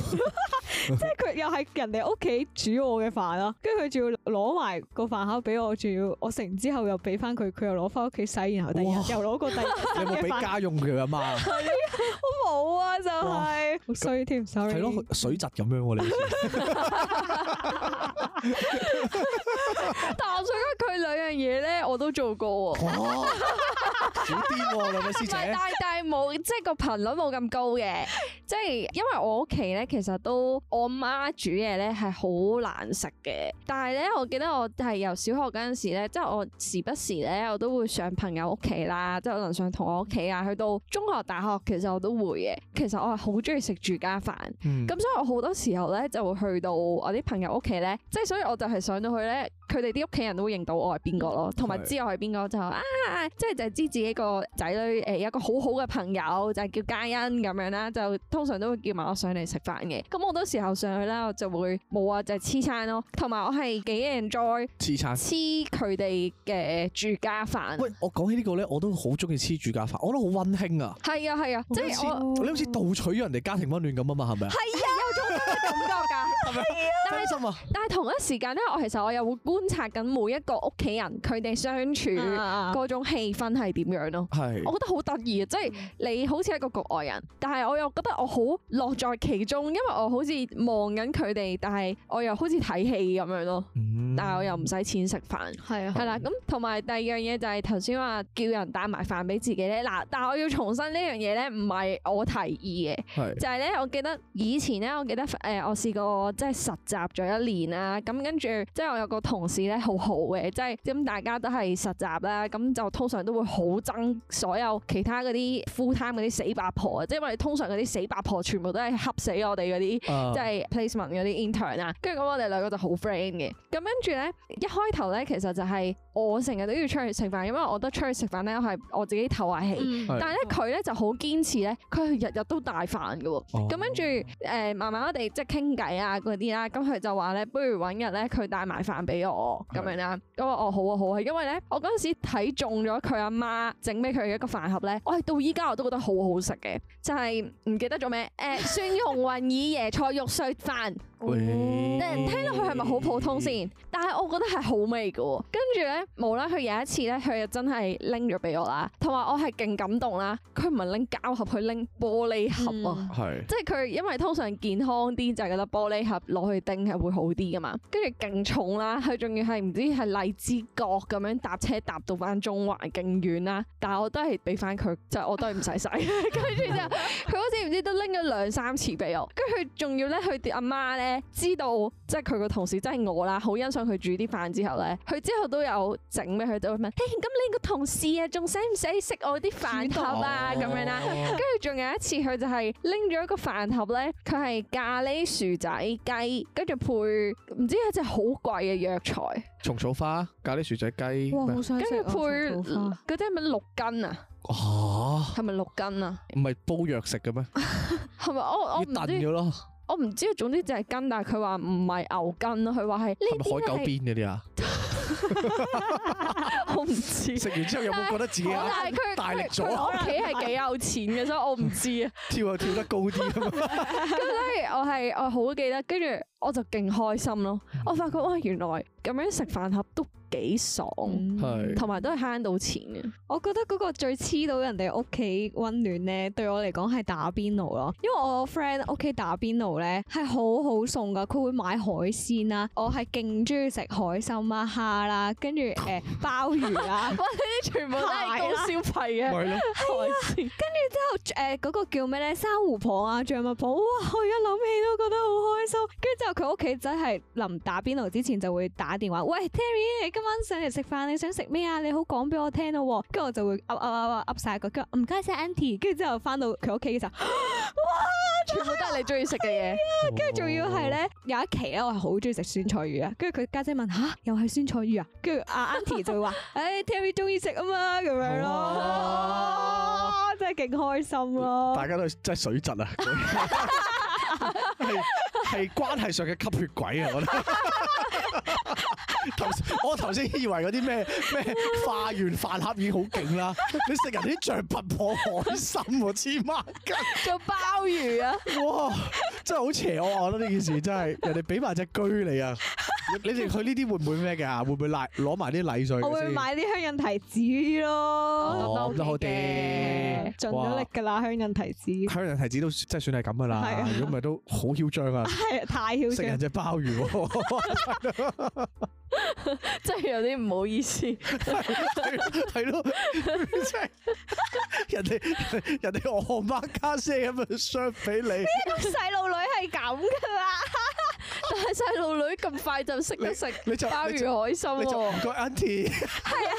即係佢又係人哋屋企煮我嘅飯啦，跟住佢仲要攞埋個飯盒俾我，仲要我食完之後又俾翻佢，佢又攞翻屋企洗，然後第二日又攞個第二日嘅飯，有冇俾家用佢啊嘛？我冇 啊，就係好衰添。哇係咯，水質咁樣喎、啊、你。 但係我想佢兩樣嘢咧，我都做過喎、啊。少癲喎，你師、 啊、姐。唔係，但係冇，即係個頻率冇咁高嘅。即係因為我屋企咧，其實都我媽煮嘢咧係好難食嘅。但係咧，我記得我係由小學嗰陣時咧，即、就、係、是、我時不時咧我都會上朋友屋企啦，即係可能上同學屋企啊，去到中學、大學其，其實我都會嘅。其實我係好中意食住家飯。咁、嗯、所以，我好多時候咧就會去到我啲朋友屋企咧，即係所以我就係上到去咧。佢哋啲屋企人都會認到我係邊個咯，同埋知我係邊個就啊，即係就係知自己個仔女誒有個好好嘅朋友就係叫嘉欣咁樣啦，就通常都會叫埋我上嚟食飯嘅。咁好多時候上去啦，我就會冇啊，就係黐餐咯。同埋我係幾 enjoy 黐餐黐佢哋嘅住家飯。喂，我講起呢個咧，我都好中意黐住家飯，我都好溫馨啊。係啊係啊，即係你好似盜取咗人哋家庭溫暖咁啊嘛，係咪啊？係啊，有種真嘅感覺㗎。開，但係同一時間咧，我其實我又會觀察緊每一個屋企人佢哋相處嗰種氣氛係點樣咯。係，啊、我覺得好得意啊！即係你好似一個局外人，但係我又覺得我好樂在其中，因為我好似望緊佢哋，但係我又好似睇戲咁樣咯。但係我又唔使錢食飯，係啊、嗯的，係啦的。咁同埋第二樣嘢就係頭先話叫人帶埋飯俾自己咧。嗱，但係我要重申呢樣嘢咧，唔係我提議嘅，是的 就係咧，我記得以前咧，我記得誒，我試過即係實習。習咗一年啦，咁跟住即係我有個同事咧，好好嘅，即係咁大家都係實習啦，咁就通常都會好憎所有其他嗰啲 full time 嗰啲死八婆啊，即係我哋通常嗰啲死八婆全部都係恰死我哋嗰啲，uh, 即係 placement 嗰啲 intern 啊，跟住咁我哋兩個就好 friend 嘅，咁跟住咧，一開頭咧，其實就係我成日都要出去食飯，因為我覺得出去食飯咧係我自己透下氣，嗯、是但係咧佢咧就好堅持咧，佢日日都帶飯噶，咁跟住誒慢慢我哋即係傾偈啊嗰啲啦，佢就話咧，不如揾日咧，佢帶埋飯俾我咁樣啦。咁我我好啊好啊，因為咧，我嗰陣時睇中咗佢阿媽整俾佢嘅一個飯盒咧，我係到依家我都覺得好好食嘅。就係、是、唔記得咗咩？誒、 呃，蒜蓉雲耳椰菜肉碎飯。誒、 嗯，聽落去係咪好普通先？ 但係我覺得係好味㗎。跟住咧，無啦佢有一次咧，佢又真係拎咗俾我啦。同埋我係勁感動啦。佢唔係拎膠盒，去拎玻璃盒啊。係、嗯。即係佢因為通常健康啲就係、是、覺得玻璃盒攞去。定係會好啲噶嘛？跟住勁重啦，佢仲要係唔知係荔枝角咁樣搭車搭到翻中環，勁遠啦。但係我都係俾翻佢，就係、是、我都係唔使使。跟住之後，佢好似唔知都拎咗兩三次俾我。跟住佢仲要咧，佢阿媽咧知道，即係佢個同事真係我啦，好欣賞佢煮啲飯之後咧，佢之後都有整咩？佢都問：，咁、 hey, 你個同事啊，仲使唔使食我啲飯盒啊？咁 樣啦。跟住仲有一次，佢就係拎咗一個飯盒咧，佢係咖喱薯仔雞。跟住配唔知一隻好貴嘅藥材，蟲草花、咖喱薯仔雞，跟住哇麼配嗰啲係咪六斤啊？嚇、啊，係咪六斤啊？唔係煲藥食嘅咩？係咪 我我咗知。我唔知，總之就係筋，但係佢話唔係牛筋咯，佢話係海狗鞭嗰啲啊， 我唔知。食完之後有冇覺得自己、啊、大力咗？我屋企係幾有錢嘅， 所以我唔知啊。跳又跳得高啲啊嘛！咁所以，我係我好記得，跟住我就勁開心咯。我發覺，哇，原來咁樣食飯盒都～幾爽，係、嗯，同埋都係慳到錢嘅。對 我覺得嗰個最黐到人哋屋企溫暖咧，對我嚟講係打邊爐咯。因為我 friend 屋企打邊爐咧係好好餸噶，佢會買海鮮啦，我係勁中意食海參啦、蝦啦，跟住誒鮑魚啦，哇呢啲全部都係高消費嘅，係啊。跟住之後誒嗰、呃嗰個叫咩咧？珊瑚蚌啊、象拔蚌？哇！我一諗起都覺得好開心。跟住之後佢屋企真係臨打邊爐之前就會打電話，喂，Terri，你今今晚上嚟食飯，你想食咩啊？你好講俾我聽咯，跟住我就會噏噏噏噏噏晒個腳，唔該晒 Auntie 跟住之後翻到佢屋企嘅時候，哇啊、全部都係你中意食嘅嘢。跟住仲要係咧，有一期咧，我係好中意食酸菜魚啊。跟住佢家姐問：下、啊：「又係酸菜魚啊？跟住阿 Auntie 就話：，誒，Terri 中意食啊嘛，咁樣咯哇，真係勁開心咯。大家都真係水質啊，係係 關係上嘅吸血鬼啊，我覺得。 頭我頭先以為嗰啲咩咩化完飯盒已經好勁啦，你食人啲象拔蚌海參喎、啊，黐孖筋做鮑魚啊！哇，真係好邪惡 我覺得呢件事真係人哋俾埋隻居你啊！你哋去呢啲會唔會咩嘅？會唔會禮攞埋啲禮水？禮水我會買啲香印提子咯，好啲、哦！盡咗力噶啦，哇香印提子，哇香印提子的都即係算係咁噶啦，唔係都好囂張啊！係太囂張，食人隻鮑魚。真係 有啲唔好意思， 係咯，人哋人哋我媽家姐咁樣 share 俾你，呢 個細路女係咁噶啦，但係細路女咁快就識得食鮑魚海參，啊，唔該 aunty 係啊，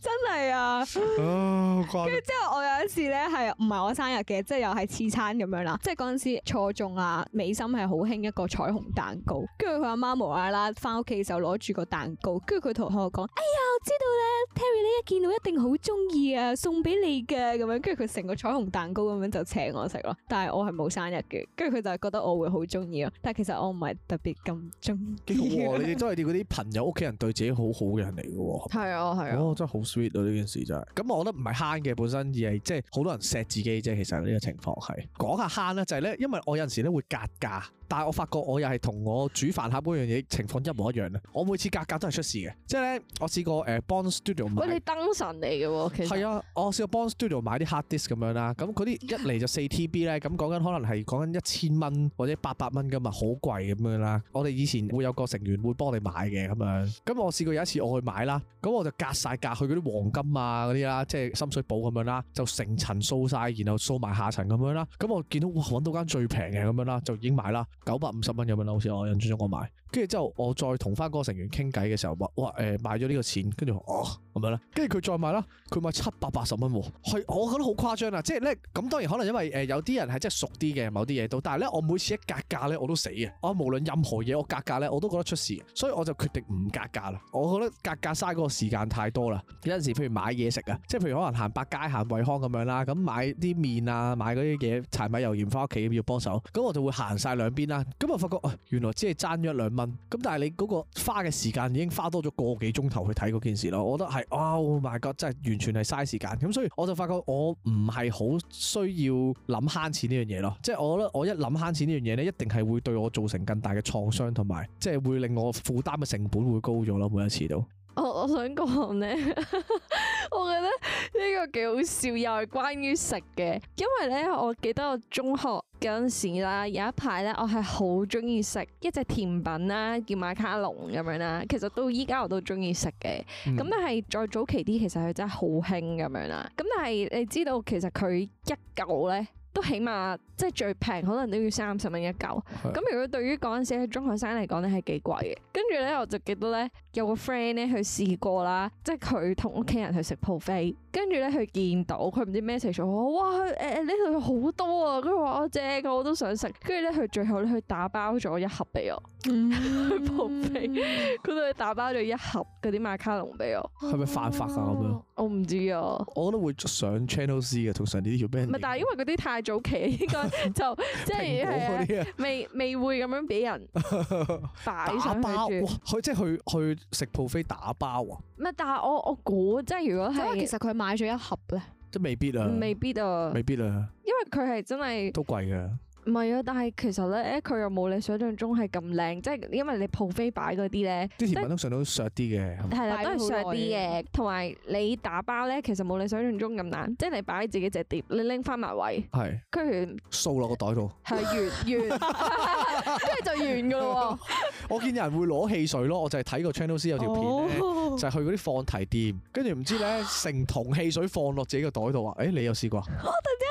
真係啊，跟住之後我有一次咧係唔係我生日嘅，即係又係次餐咁樣啦，即係陣時初中啊，美心係好興一個彩虹蛋糕，跟住佢阿媽無啦啦翻屋企嘅時候攞住個蛋。蛋糕，跟住佢同我講：哎呀，我知道咧，Terri 你一見到一定好中意啊，送俾你嘅咁樣。跟住佢成個彩虹蛋糕咁樣就請我食咯。但係我係冇生日嘅，跟住佢就係覺得我會好中意咯。但係其實我唔係特別咁中意。幾好啊！你哋都係啲嗰啲朋友屋企人對自己好好嘅人嚟嘅。係 嗎啊，係啊。哦、真係好 sweet 啊！呢件事真係。咁我覺得唔係慳嘅，本身而係即係好多人錫自己啫。其實呢個情況係講下慳啦，就係咧，因為我有陣時咧會格價。但係我發覺我又係同我煮飯盒嗰樣嘢情況一模一樣咧。我每次格價都係出事嘅，即係咧我試過誒幫 studio 買，喂你燈神嚟嘅喎，其實係啊，我試過幫 studio 買啲 hard disk 咁樣啦，咁嗰啲一嚟就四 TB 咧，咁講緊可能係講緊一千蚊或者八百蚊噶嘛，好貴咁樣啦。我哋以前會有個成員會幫我哋買嘅咁樣，咁我試過有一次我去買啦，咁我就格曬格去嗰啲黃金啊嗰啲啦，即係深水埗咁樣啦，就成層掃曬，然後掃埋下層咁樣啦，咁我見到哇揾到間最平嘅咁樣啦，就已經買啦。九百五十蚊有冇樓市啊？引住咗我中買。跟住之後，我再同翻嗰個成員傾偈嘅時候，話，哇，誒、呃、買咗呢個錢，跟住哦，咁樣啦。跟住佢再買啦，佢買七百八十蚊，係我覺得好誇張啊！即係咧，咁當然可能因為誒有啲人係真係熟啲嘅，某啲嘢都。但係咧，我每次一格價咧，我都死嘅。我、啊、無論任何嘢，我格價咧，我都覺得出事，所以我就決定唔格價啦。我覺得格格嘥嗰個時間太多啦。有陣時，譬如買嘢食啊，即係譬如可能行百佳、行惠康咁樣啦，咁買啲麵啊，買嗰啲嘢、柴米油鹽返屋企要幫手，咁我就會行晒兩邊啦。咁我發覺、哎、原來只係爭咗一兩。咁但係你嗰個花嘅時間已經花多咗個幾鐘頭去睇嗰件事咯，我覺得係，Oh my god，真係完全係嘥時間。咁所以我就發覺我唔係好需要諗慳錢呢樣嘢咯，即係我覺得我一諗慳錢呢樣嘢咧，一定係會對我造成更大嘅創傷，同埋即係會令我負擔嘅成本會高咗咯，每一次都。我我想講咧， 我覺得呢個幾好笑，又係關於食嘅。因為咧，我記得我中學嗰陣時啦，有一排咧，我係好中意食一隻甜品啦，叫馬卡龍咁樣啦。其實到依家我都中意食嘅。咁、嗯、但係再早期啲，其實佢真係好興咁樣啦。咁但係你知道，其實佢一嚿咧，都起碼即係最平，可能都要三十蚊一嚿。咁是的 如果對於嗰陣時嘅中學生嚟講咧，係幾貴嘅。跟住咧，我就記得咧。有個 friend 咧，去試過啦，即係佢同屋企人去食 buffet，跟住咧，佢見到佢唔知咩食，我話哇，誒誒呢度好多啊，跟住話我正，我都想食，跟住咧，佢最後咧，佢打包咗一盒俾我，去 buffet，佢都打包咗一盒嗰啲馬卡龍俾我，係咪犯法啊咁樣？我唔知啊，我覺得會上 channel C 嘅，通常呢啲叫咩，唔係，但係因為嗰啲太早期，應該就即係、啊、未未會咁樣俾人打 包，佢即係去去。去去去去去去食 buffet 打包啊！但係我我估即係如果係，因為其實佢買咗一盒咧，都未必啊，未必啊，未必啊，因為佢係真係都貴嘅。唔係啊，但係其實咧，誒佢又冇你想象中係咁靚，即係因為你鋪飛擺嗰啲咧，啲食品通常都削啲嘅，係啦，都係削啲嘅。同埋你打包咧，其實冇你想象中咁難，即係你擺喺自己隻碟，你拎翻埋位，係是，跟住完掃落個袋度，係完、嗯、完，跟住 就完㗎咯。 我見有人會攞汽水咯，我就係睇個 channel 先有條片，oh、就係去嗰啲放題店，跟住唔知咧成桶汽水放落自己個袋度啊！誒，你有試過啊？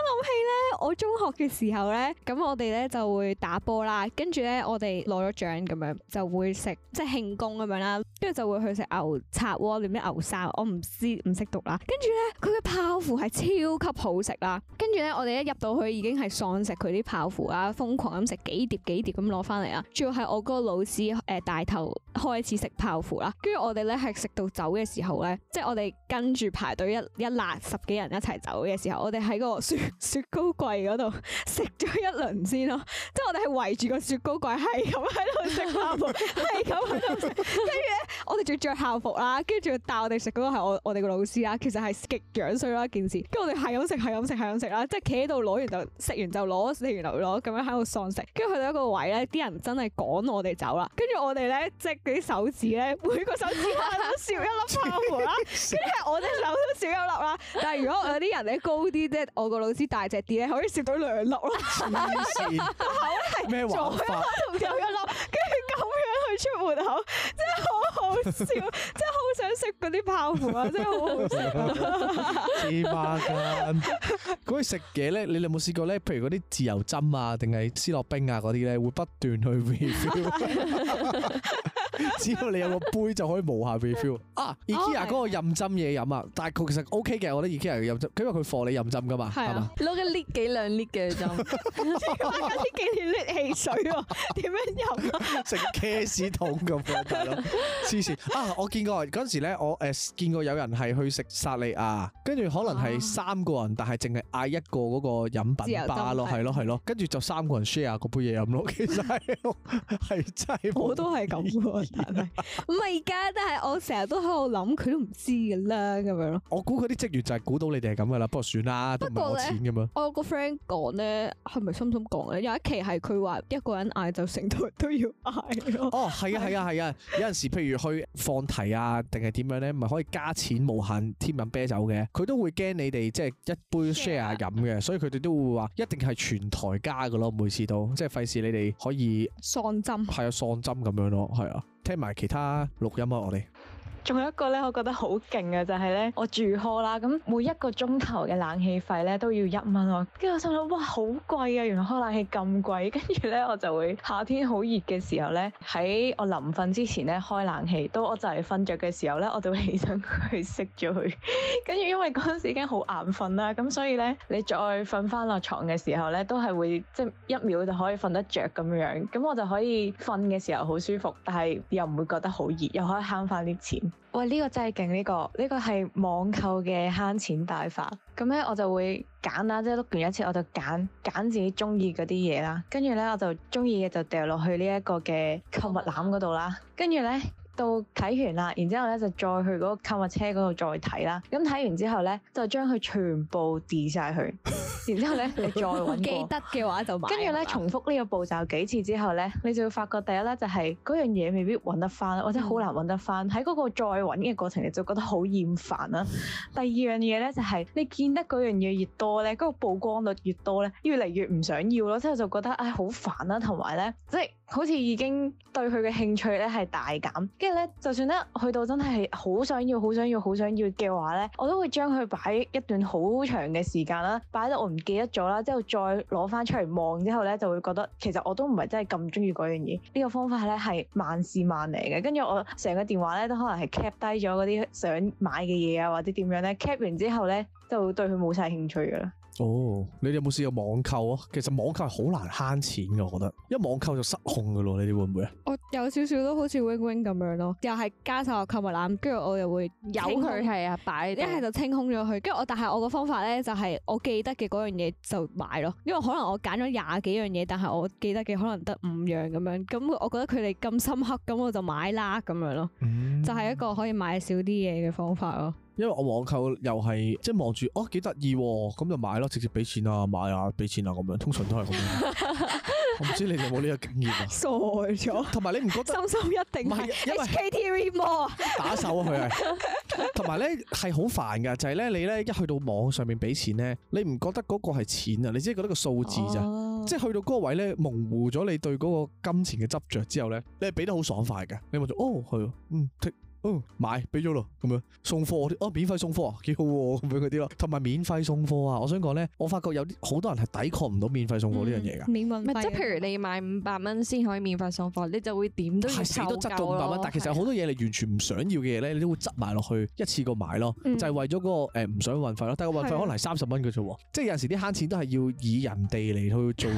我中學嘅時候咧，咁我哋咧就會打波啦，跟住咧我哋攞咗獎咁樣就會食即係慶功咁樣啦，跟住就會去食牛拆鍋定咩牛哨，我唔知唔識讀啦。跟住咧佢嘅泡芙係超級好食啦，跟住咧我哋一入到去已經係喪食佢啲泡芙啦，瘋狂咁食幾碟幾碟咁攞翻嚟啊！仲要係我個老師誒、呃、帶頭開始食泡芙啦，跟住我哋咧係食到走嘅時候咧，即、就、係、是、我哋跟住排隊一一揦十幾人一齊走嘅時候，我哋喺個雪雪糕櫃位嗰度食咗一輪先咯，即係我哋係圍住個雪糕櫃，係咁喺度食泡芙，係咁喺度食。跟住咧，我哋仲着校服啦，跟住要帶我哋食嗰個係我我哋個老師啦。其實係極樣衰啦一件事。跟住我哋係咁食，係咁食，係咁食啦。即係企喺度攞完就食完就攞，食完就攞，咁樣喺度喪食。跟住去到一個位咧，啲人真係趕我哋走啦。跟住我哋咧，即係嗰啲手指咧，每個手指下、啊、 都少一粒泡芙啦。跟住係我哋手都少一粒啦。 但係如果有啲人咧高啲，即係 我個老師大隻啲咧。可以攝到兩粒咯射，喉口係左一粒同右一粒，跟住咁樣去出門口，真係好好笑，真係好想食嗰啲泡芙啊！真係好好笑！芝麻羹嗰啲食嘢咧，你哋有冇試過咧？譬如嗰啲自由斟啊，定係斯諾冰啊嗰啲咧，會不斷去 refill。 只要你有個杯就可以無限 refill 啊！IKEA 嗰個任斟嘢飲啊，但係佢其實 OK 嘅，我覺得 IKEA 嘅任斟，因為佢貨你任斟噶嘛是、啊吧，係嘛？攞個 lift 幾？兩 lift 嘅就，啱先幾條 lift 汽水喎？點樣飲？食茄士桶咁樣咯。黐線啊，我見過嗰時咧，我誒見過有人係去食薩莉亞，跟住可能係三個人，但係淨係嗌一個嗰個飲品吧咯，係咯係咯，跟住就三個人 share 嗰杯嘢飲咯，其實係真係。我都係咁噶，但係唔係而家，但係我成日都喺度諗，佢都唔知噶啦，咁樣咯。我估佢啲職員就係估到你哋係咁噶啦，不過算啦，都唔係我錢咁樣。我有個香港咧，係咪深深講咧？有一期係佢話一個人嗌就成台都要嗌。哦，係啊，係啊，係啊， 啊，有陣時譬如去放題啊，定係點樣咧，咪可以加錢無限添飲啤酒嘅。佢都會驚你哋即係一杯 share 飲嘅，啊、所以佢哋都會話一定係全台加噶咯。每次都即係費事你哋可以喪針，係啊，喪針咁樣咯，係啊，聽埋其他錄音啊，我哋。仲有一個咧、即係，我覺得好勁嘅就係咧，我住 hall 啦，咁每一個鐘頭嘅冷氣費咧都要一蚊喎。跟住我心諗，哇，好貴啊！原來開冷氣咁貴。跟住咧，我就會夏天好熱嘅時候咧，喺我臨瞓之前咧，開冷氣，到我就嚟瞓著嘅時候咧，我就會起身去熄咗佢。跟 住因為嗰陣時已經好眼瞓啦，咁所以咧，你再瞓翻落牀嘅時候咧，都係會、即係、一秒就可以瞓得着咁樣。咁我就可以瞓嘅時候好舒服，但係又唔會覺得好熱，又可以慳翻啲錢。喂，呢個真係勁，呢個呢個係網購嘅慳錢大法。咁咧，我就會揀啦，即係碌完一次，我就揀揀自己中意嗰啲嘢啦。跟住咧，我就中意嘅就掉落去呢一個嘅購物籃嗰度啦。跟住咧。到睇完啦，然之後咧就再去嗰個購物車嗰度再睇啦。咁、嗯、睇完之後咧，就將佢全部 delete 晒佢。 然之後咧，你再揾記得嘅話就買。跟住咧， 重複呢個步驟幾次之後咧，你就會發覺第一咧就係嗰樣嘢未必揾得翻，或者好難揾得翻。喺嗰個再揾嘅過程，你就覺得好厭煩啦。 第二樣嘢咧就係、是、你見得嗰樣嘢越多咧，嗰、那個曝光率越多咧，越嚟越唔想要咯。之後就覺得唉，好煩啦，同埋咧即係。好似已經對佢嘅興趣咧係大減，跟住咧就算咧去到真係好想要、好想要、好想要嘅話咧，我都會將佢擺一段好長嘅時間啦，擺到我唔記得咗啦，之後再攞翻出嚟望之後咧，就會覺得其實我都唔係真係咁中意嗰樣嘢。呢個方法咧係萬試萬嚟嘅，跟住我成個電話咧都可能係 cap 低咗嗰啲想買嘅嘢啊，或者點樣咧 cap 完之後咧就對佢冇晒興趣噶啦。哦，oh, 你哋有冇試過網購啊？其實網購係好難慳錢嘅，我覺得，一網購就失控嘅咯。你哋會唔會啊？我有少少都好似 Wing Wing 咁樣咯，又係加晒個購物籃，跟住我會又會有佢係啊，擺一係就清空咗佢。跟住我，但係我個方法咧就係、是、我記得嘅嗰樣嘢就買咯，因為可能我揀咗廿幾樣嘢，但係我記得嘅可能得五樣咁樣。咁我覺得佢哋咁深刻，咁我就買啦咁樣咯。就係一個可以買少啲嘢嘅方法咯。嗯因為我網購又係即係望住哦幾得意喎，咁就買咯，直接俾錢啊，買啊，俾錢啊咁樣，通常都係咁。 我唔知你哋有冇呢個經驗啊？傻咗了，同埋你唔覺得心一定唔係因為 KTV 魔打手佢、啊、係，同埋咧係好煩嘅，就係、是、咧你咧一去到網上面俾錢咧，你唔覺得嗰個係錢啊？你只係覺得個數字咋？哦、即係去到嗰個位咧，模糊咗你對嗰個金錢嘅執着之後咧，你係俾得好爽快嘅，你咪做哦，去、哦、嗯，嗯，嗯嗯，買俾咗咯，咁樣送貨哦免費送貨啊，幾好喎，咁樣嗰啲咯，同埋免費送貨啊，我想講咧，我發覺有好多人係抵抗唔到免費送貨呢樣嘢噶，免運費，即係譬如你買五百蚊先可以免費送貨，你就會點都要湊夠五百蚊，但其實有好多嘢你完全唔想要嘅嘢咧，你都會執埋落去一次過買咯，就係為咗嗰個誒唔想運費咯，但係個運費可能係三十蚊嘅啫。即係有陣時啲慳錢都係要以人哋嚟去做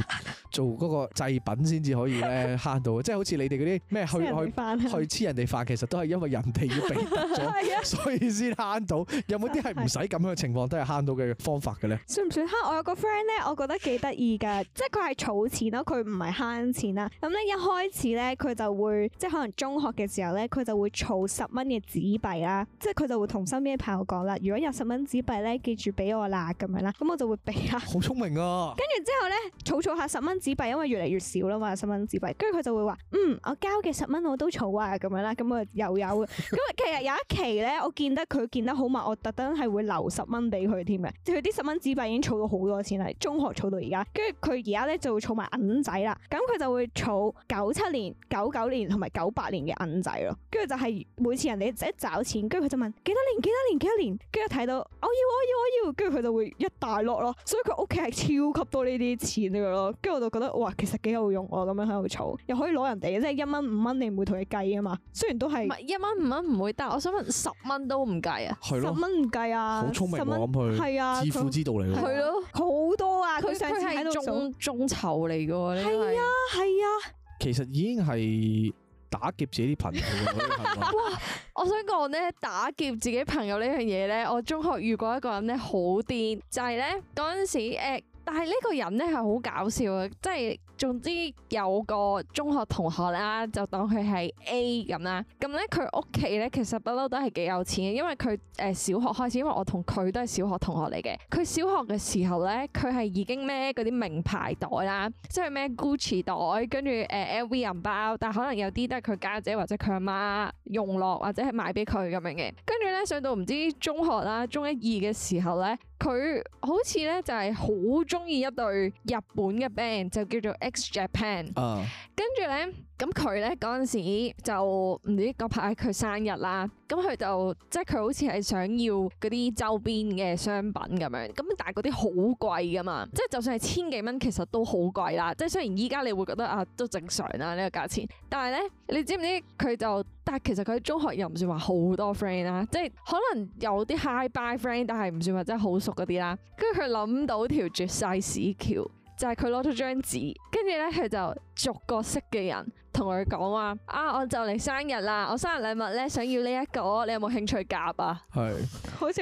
做嗰個製品先至可以咧慳到，即係好似你哋嗰啲咩去去去黐人哋飯，其實都係因為人。哋要 是、啊、所以先慳到。有冇啲係唔使咁樣嘅情況都係慳到嘅方法嘅咧？算唔算慳？我有個 friend 咧，我覺得幾得意噶，即係佢係儲錢咯，佢唔係慳錢啦。咁咧一開始咧，佢就會即係可能中學嘅時候咧，佢就會儲十蚊嘅紙幣啦。即係佢就會同身邊嘅朋友講啦，如果有十蚊紙幣咧，記住俾我啦咁樣啦。咁我就會俾啦。好聰明啊！跟住之後咧，儲儲下十蚊紙幣，因為越嚟越少啦嘛，十蚊紙幣。跟住佢就會話：嗯，我交嘅十蚊我都儲啊咁樣啦。咁我又有。 咁 其實有一期咧，我見得佢見得好密，我特登係會留十蚊俾佢添嘅。佢啲十蚊紙幣已經儲到好多錢啦，中學儲到而家，跟住佢而家咧就會儲埋銀仔啦。咁佢就會儲九七年、九九年同埋九八年嘅銀仔咯。跟住就係每次人哋一找錢，跟住佢就問幾多年、幾多年、幾多年，跟住睇到哦、我要、我要、我要，跟住佢就會一大落咯。所以佢屋企係超級多呢啲錢嘅咯。跟住我就覺得哇，其實幾有用啊，咁樣喺度儲，又可以攞人哋即係一蚊五蚊，你唔會同佢計啊嘛。雖然都係唔係一蚊五蚊唔會得，我想問十蚊都唔計啊！係咯十蚊唔計啊！好聰明喎、啊、咁元去，致富之道嚟咯了。係咯，好多啊！佢他上次喺度眾，眾籌嚟嘅喎，係啊係啊。啊其實已經係打劫自己啲朋友 是是哇！我想講咧，打劫自己朋友呢樣嘢咧，我中學遇過一個人咧，好癲，就係咧嗰陣時、呃、但係呢個人咧係好搞笑啊。即、就、係、是。總之有個中學同學啦，就當佢係 A 咁啦。咁咧佢屋企咧，其實不嬲都係幾有錢嘅，因為佢誒、呃、小學開始，因為我同佢都係小學同學嚟嘅。佢小學嘅時候咧，佢係已經孭嗰啲名牌袋啦，即係孭 Gucci 袋，跟住誒 LV 銀包。但可能有啲都係佢家姐或者佢阿媽用落，或者係買俾佢咁樣嘅。跟住咧上到唔知中學啦，中一二嘅時候咧，佢好似咧就係好中意一對日本嘅 band，就叫做 Japan，跟住咧，咁佢咧嗰陣時就唔知嗰排佢生日啦，咁佢就即係佢好似係想要嗰啲周邊嘅商品咁樣，咁但係嗰啲好貴噶嘛，即係就算係千幾蚊，其實都好貴啦。即係雖然依家你會覺得啊都正常啦呢個價錢，但係咧你知唔知佢就？但係其實佢中學又唔算話好多 friend 啦，即係可能有啲 hi bye friend，但係唔算話真係好熟嗰啲啦。跟住佢諗到條絕世屎橋。就係佢攞咗張紙，跟住咧佢就。逐個識嘅人同佢講話啊！我就嚟生日啦，我生日禮物咧想要呢一個，你有冇興趣夾啊？係，好似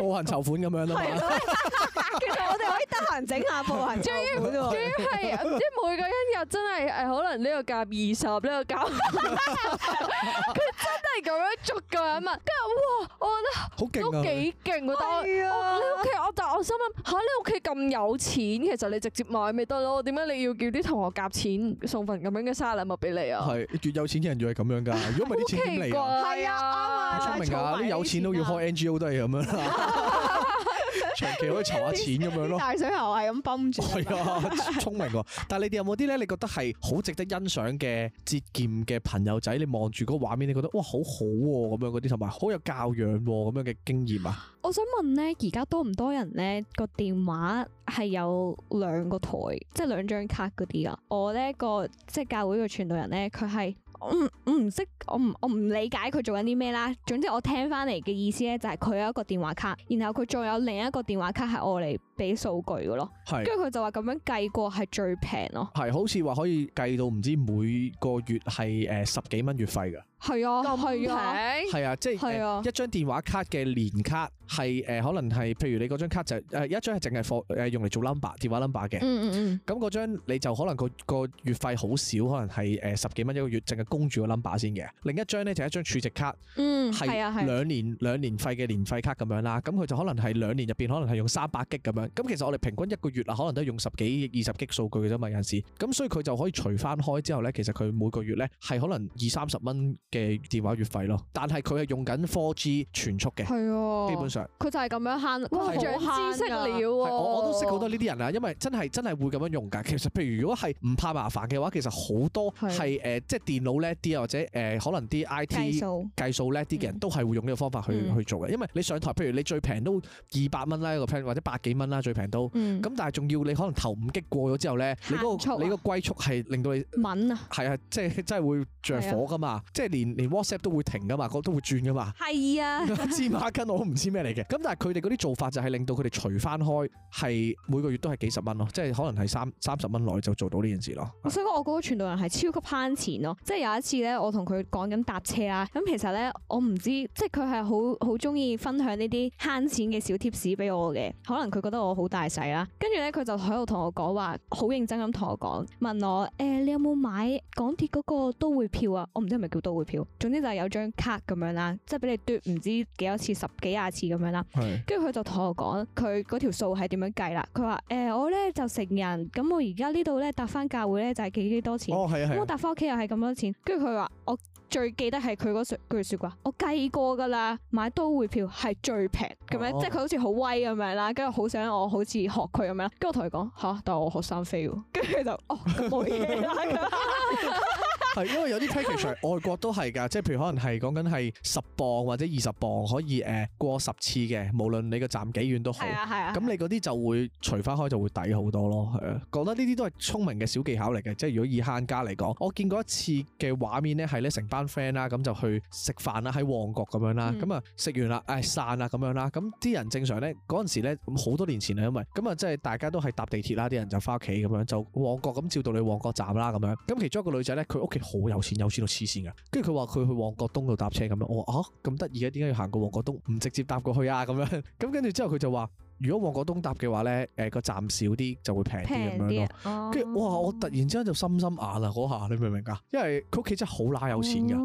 步行籌款咁樣咯。其實我哋可以得閒整下步行。仲要，仲要係唔知每個人又真係誒，可能呢個夾二十，呢個夾二十。佢真係咁樣逐個人問，跟住哇，我覺得好勁啊，都幾勁。係啊，你屋企我就我心諗吓，你屋企咁有錢，其實你直接買咪得咯？點解你要叫啲同學夾錢？送份咁樣嘅沙禮物俾你啊！係越有錢嘅人越係咁樣㗎，如果唔係啲錢點嚟啊？係啊，啱啊，出名㗎，啲有錢都要開 NGO 都係咁樣啦。 長期可以籌下錢咁樣咯， 大水喉係咁泵住。係啊， 聰明喎、啊！但係你哋有冇啲咧？你覺得係好值得欣賞嘅節儉嘅朋友仔？你望住嗰個畫面，你覺得哇好好喎、啊、咁樣嗰啲，同埋好有教養喎、啊、咁樣嘅經驗啊！我想問咧，而家多唔多人咧個電話係有兩個台，即係兩張卡嗰啲啊？我咧個即係教會嘅傳道人咧，佢係。我唔唔識，我唔我唔理解佢做緊啲咩啦。總之我聽翻嚟嘅意思咧，就係佢有一個電話卡，然後佢仲有另一個電話卡係我嚟俾數據噶咯。係，跟住佢就話咁樣計過係最平咯。係，好似話可以計到唔知每個月係誒十幾蚊月費噶。係啊，咁平係啊，即係是、啊、一張電話卡嘅年卡，係、呃、誒，可能係，譬如你嗰張卡就誒、是、一張係淨係放誒用嚟做 number 電話 number 嘅，咁嗰張你就可能個個月費好少，可能係誒十幾蚊一個月，淨係供住個 number 先嘅。另一張咧就是、一張儲值卡，嗯是、啊兩，係兩是、啊、年兩年費嘅年費卡咁樣啦，咁佢就可能係兩年入面可能係用三百 G 咁樣，咁其實我哋平均一個月啊，可能都係用十幾二十 G 數據嘅啫嘛，有陣時，咁所以佢就可以除翻開之後咧，其實佢每個月咧係可能二三十蚊。嘅電話月費咯，但係佢係用緊 4G 全速嘅，係基本上佢就係咁樣慳。哇，好慳㗎！我我都識好多呢啲人啊，因為真係真係會咁樣用㗎。其實，譬如如果係唔怕麻煩嘅話，其實好多係誒，即係電腦叻啲啊，或者誒，可能啲 IT 計數叻啲嘅人都係會用呢個方法去去做嘅。因為你上台，譬如你最平都二百蚊啦一個 plan，或者百幾蚊啦最平都，咁但係仲要你可能頭五擊過咗之後咧，你嗰個你個龜速係令到你啊，係啊，即係真係會著火㗎嘛，即係連 WhatsApp 都會停噶嘛，個都會轉噶嘛。係是啊 芝，芝麻筋我唔知咩嚟嘅。咁但係佢哋嗰啲做法就係令到佢哋除翻開，係每個月都係幾十蚊咯，即係可能係三三十蚊內就做到呢件事咯。我想講我嗰個傳道人係超級慳錢咯，即係有一次咧，我同佢講緊搭車啊。咁其實咧，我唔知即係佢係好好中意分享呢啲慳錢嘅小 t 士 p 俾我嘅。可能佢覺得我好大使啦，呢我跟住咧佢就喺度同我講話，好認真咁同我講，問我誒、呃、你有冇買港鐵嗰個都會票啊？我唔知係咪叫都會票。總之就係有張卡咁樣啦，即係俾你嘟唔知幾多次十幾廿次咁樣啦。是的 跟住佢就同我講，佢嗰條數係點樣計啦？佢話誒，我咧就成人，咁我而家呢度咧搭翻教會咧就係幾多、哦、多錢？哦，係啊，咁我搭翻屋企又係咁多錢。跟住佢話，我最記得係佢嗰句說話，我計過噶啦，買都會票係最平咁、哦、樣，即係佢好似好威咁樣啦。跟住好想我好似學佢咁樣，跟住我同佢講吓，但係我學生飛，跟住就哦，咁冇嘢啦。 係， 因為有啲 package 其實外國都係㗎，即係譬如可能係講緊係十磅或者二十磅可以誒、呃、過十次嘅，無論你個站幾遠都好。咁 你嗰啲就會除翻開就會抵好多咯。係啊，覺得呢啲都係聰明嘅小技巧嚟嘅。即係如果以慳家嚟講，我見過一次嘅畫面咧係咧成班 friend 啦，咁就去食飯啦，喺旺角咁樣啦。咁啊食完啦，誒、哎、散啦咁樣啦。咁啲人正常咧嗰陣時咧，好多年前啦，因為咁啊，即係大家都係搭地鐵啦，啲人就翻屋企咁樣就旺角咁照到你旺角站啦咁樣。咁其中一個女仔咧，佢屋企，好有錢，有錢到黐線噶。跟住佢話佢去旺角東度搭車咁樣，我話啊，咁得意啊？點解要行過旺角東？唔直接搭過去啊？咁樣。咁跟住之後佢就話，如果旺角東搭嘅話咧，誒個站少啲就會平啲咁樣咯。跟住我話我突然之間就心心眼啦嗰下，你明唔明啊？因為佢屋企真係好乸有錢噶。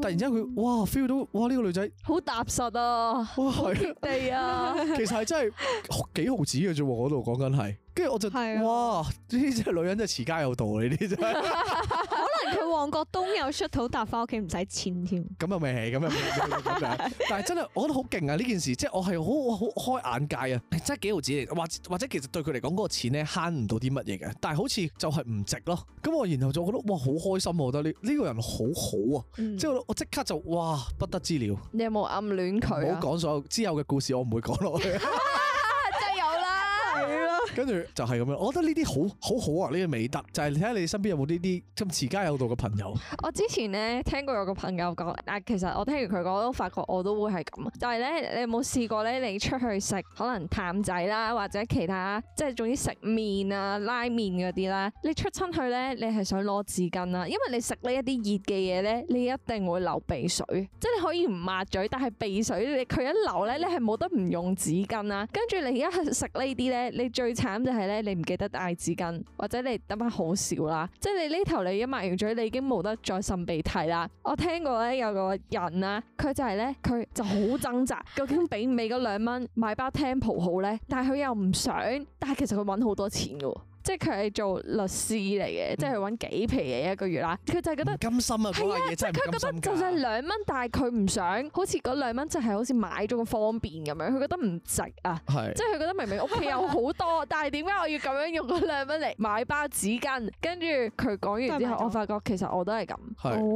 突然之間佢哇 feel 到哇呢個女仔好踏實啊。哇係，係啊。 其實係真係幾毫子嘅啫，我度講緊係。跟住我就哇，呢啲真係女人真係持家有道啊！呢啲真係， 可能佢旺角東有 shuttle 搭翻屋企唔使錢添。咁又未，咁又未， 但係真係我覺得好勁啊！呢件事即係我係好好開眼界啊！即係幾毫子嚟，或者或者其實對佢嚟講嗰個錢咧慳唔到啲乜嘢嘅，但係好似就係唔值咯。咁我然後我就覺得哇好開心，我覺得呢呢個人好好啊，嗯、即係我即刻就哇不得之了。你有冇暗戀佢？唔好講所有之後嘅故事，我唔會講落去。 跟住就係咁樣，我覺得呢啲好好好啊！呢個美德就係睇下你身邊有冇呢啲咁持家有道嘅朋友。我之前咧聽過有個朋友講，啊，其實我聽完佢講，我都發覺我都會係咁。但係咧，你有冇試過咧？你出去食可能淡仔啦，或者其他即係總之食麵啊、拉麵嗰啲啦。你出親去咧，你係想攞紙巾啦，因為你食呢一啲熱嘅嘢咧，你一定會流鼻水。即係你可以唔抹嘴，但係鼻水你佢一流咧，你係冇得唔用紙巾啦。跟住你而家食呢啲咧，你最慘就係咧，你唔記得帶紙巾，或者你得翻好少啦。即係你呢頭你一抹完嘴，你已經冇得再擤鼻涕啦。我聽過咧，有個人啦，佢就係咧，佢就好掙扎，究竟俾唔俾嗰兩蚊買包 Tempo 好咧？但係佢又唔想，但係其實佢揾好多錢㗎喎。即係佢係做律師嚟嘅，嗯、即係佢揾幾皮嘢一個月啦。佢就係覺得甘心啊，嗰啲嘢真係甘心、啊、覺得就係兩蚊，但係佢唔想，好似嗰兩蚊就係好似買咗個方便咁樣。佢覺得唔值啊。是即係佢覺得明明屋企有好多， 但係點解我要咁樣用嗰兩蚊嚟買包紙巾？跟住佢講完之後， 我發覺其實我都係咁。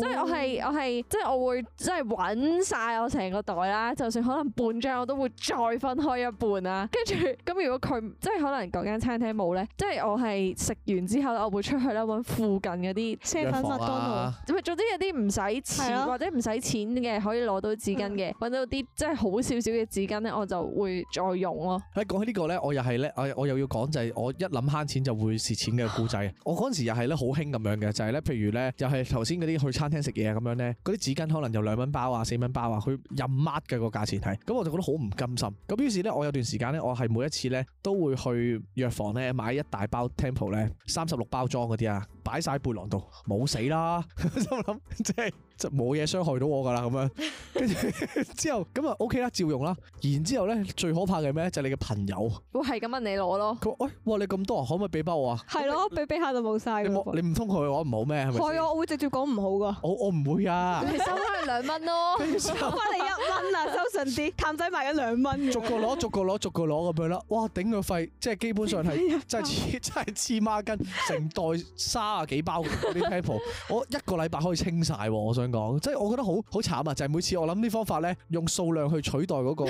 即係我係我係即係我會即係揾晒我成個袋啦。就算可能半張我都會再分開一半啦。跟住咁如果佢即係可能嗰間餐廳冇咧，即係我。係食完之後我會出去咧，揾附近嗰啲車翻麥當勞，唔係，總之有啲唔使錢或者唔使錢嘅可以攞到紙巾嘅，揾到啲真係好少少嘅紙巾咧，我就會再用咯。誒講起呢個咧，我又係咧，我又要講就係我一諗慳錢就會蝕錢嘅故仔。我嗰陣時又係咧好興咁樣嘅，就係咧，譬如咧又係頭先嗰啲去餐廳食嘢咁樣咧，嗰啲紙巾可能就兩蚊包啊、四蚊包啊，佢任乜嘅個價錢係，咁我就覺得好唔甘心。咁於是咧，我有段時間咧，我係每一次咧都會去藥房咧買一大包。Tempo 咧，三十六包裝嗰啲啊。擺晒背囊度，冇死啦！心諗，即係即冇嘢傷害到我噶啦，咁樣跟住之後咁啊 OK 啦，照用啦。然之後咧最可怕嘅咩？就係你嘅朋友，會係咁問你攞咯。佢：喂，哇你咁多，可唔可以俾包我啊？係咯，俾俾下就冇晒。你唔通佢話唔好咩？係咪？係啊，我會直接講唔好噶。我我唔會啊。收翻兩蚊咯。收翻你一蚊啊！收順啲，探仔賣咗兩蚊。逐個攞，逐個攞，逐個攞咁樣咯。哇！頂個肺，即係基本上係真係真係黐孖筋，成袋衫。卅幾包嗰啲 sample 我一個禮拜可以清晒喎。我想講，即係我覺得好好慘啊，就係、是、每次我諗啲方法咧，用數量去取代嗰、那個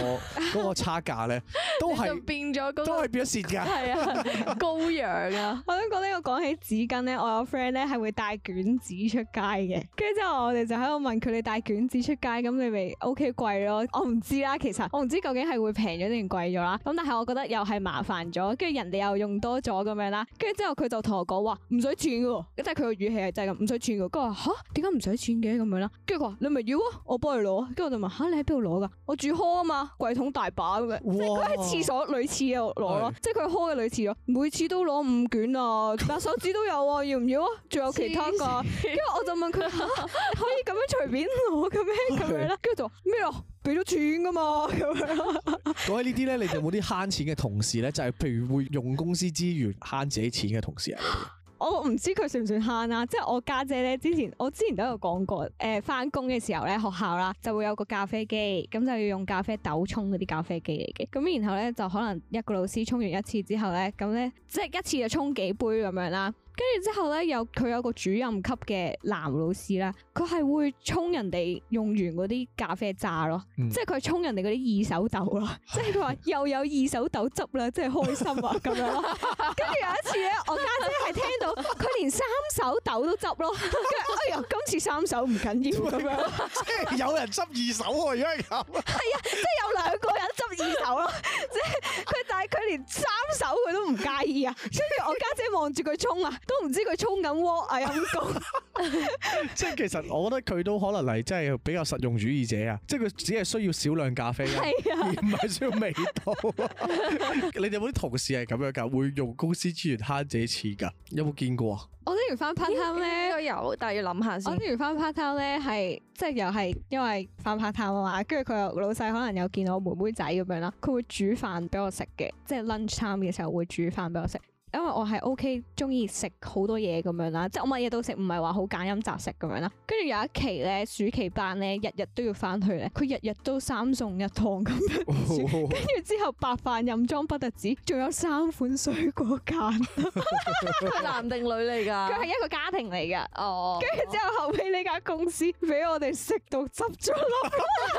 那個差價咧，都係變咗、那個，都係變咗蝕㗎。係啊，高揚啊！ 我想講呢個講起紙巾咧，我有 friend 咧係會帶卷紙出街嘅。跟住之後我哋就喺度問佢：你帶卷紙出街，咁你咪 OK 貴咯？我唔知啦，其實我唔知究竟係會平咗定貴咗啦。咁但係我覺得又係麻煩咗，跟住人哋又用多咗咁樣啦。跟住之後佢就同我講：哇，唔使轉㗎。即係佢個語氣係真係咁唔使錢噶，跟住話吓，點解唔使錢嘅咁樣啦？跟住佢話你咪要啊，我幫你攞。跟住我就問吓，你喺邊度攞噶？我住 hall 啊嘛，櫃桶大把咁樣。哇 即係佢喺廁所女廁又攞啦，類似是 即係佢 hall 嘅女廁啊。每次都攞五卷啊，白手紙都有啊， 要唔要啊？仲有其他噶。跟住我就問佢可以咁樣隨便攞嘅咩？咁樣咧，跟住做咩啊？俾咗錢噶嘛，咁樣。講起呢啲咧，你哋有冇啲慳錢嘅同事咧，就係、是、譬如會用公司資源慳自己錢嘅同事啊。 我唔知佢算唔算慳啦，即係我家姐咧，之前我之前都有講過，誒翻工嘅時候咧，學校啦就會有個咖啡機，咁就要用咖啡豆沖嗰啲咖啡機嚟嘅，咁然後咧就可能一個老師沖完一次之後咧，咁咧即係一次就沖幾杯咁樣啦。跟住之後咧，有佢有個主任級嘅男老師啦，佢係會沖人哋用完嗰啲咖啡渣咯，嗯、即係佢沖人哋嗰啲二手豆咯，即係佢話又有二手豆執啦，真係開心啊咁樣。跟住 有一次咧，我家姐係聽到佢連三手豆都執咯，佢話：哎呀，今次三手唔緊要咁樣。 即係有人執二手喎、啊，而係 啊，即係有兩個人執二手咯，即係佢但係佢連三手佢都唔介意啊。所以 我家姐望住佢沖啊。都唔知佢沖緊 what，啊陰公 即係其實我覺得佢都可能嚟，真係比較實用主義者啊！ 即係佢只係需要少量咖啡，是啊、而唔係需要味道。 你哋有冇啲同事係咁樣㗎？會用公司資源慳自己錢㗎？有冇見過啊？我之前翻 part time 咧有，但係要諗下先我。我之前翻 part time 咧係，即係又係因為翻 part time 啊嘛，跟住佢老細可能有見到我妹妹仔咁樣啦，佢會煮飯俾我食嘅，即係 lunch time 嘅時候會煮飯俾我食。因為我係 O K，中意食好多嘢咁樣啦，即係我乜嘢都食，唔係話好揀飲擇食咁樣啦。跟住有一期咧，暑期班咧，日日都要翻去咧，佢日日都三餸一湯咁樣，跟住、哦哦哦哦、之後白飯任裝不特止，仲有三款水果揀。佢男定女嚟㗎？佢係一個家庭嚟㗎。哦。跟住之後後尾呢間公司俾我哋食到執咗笠，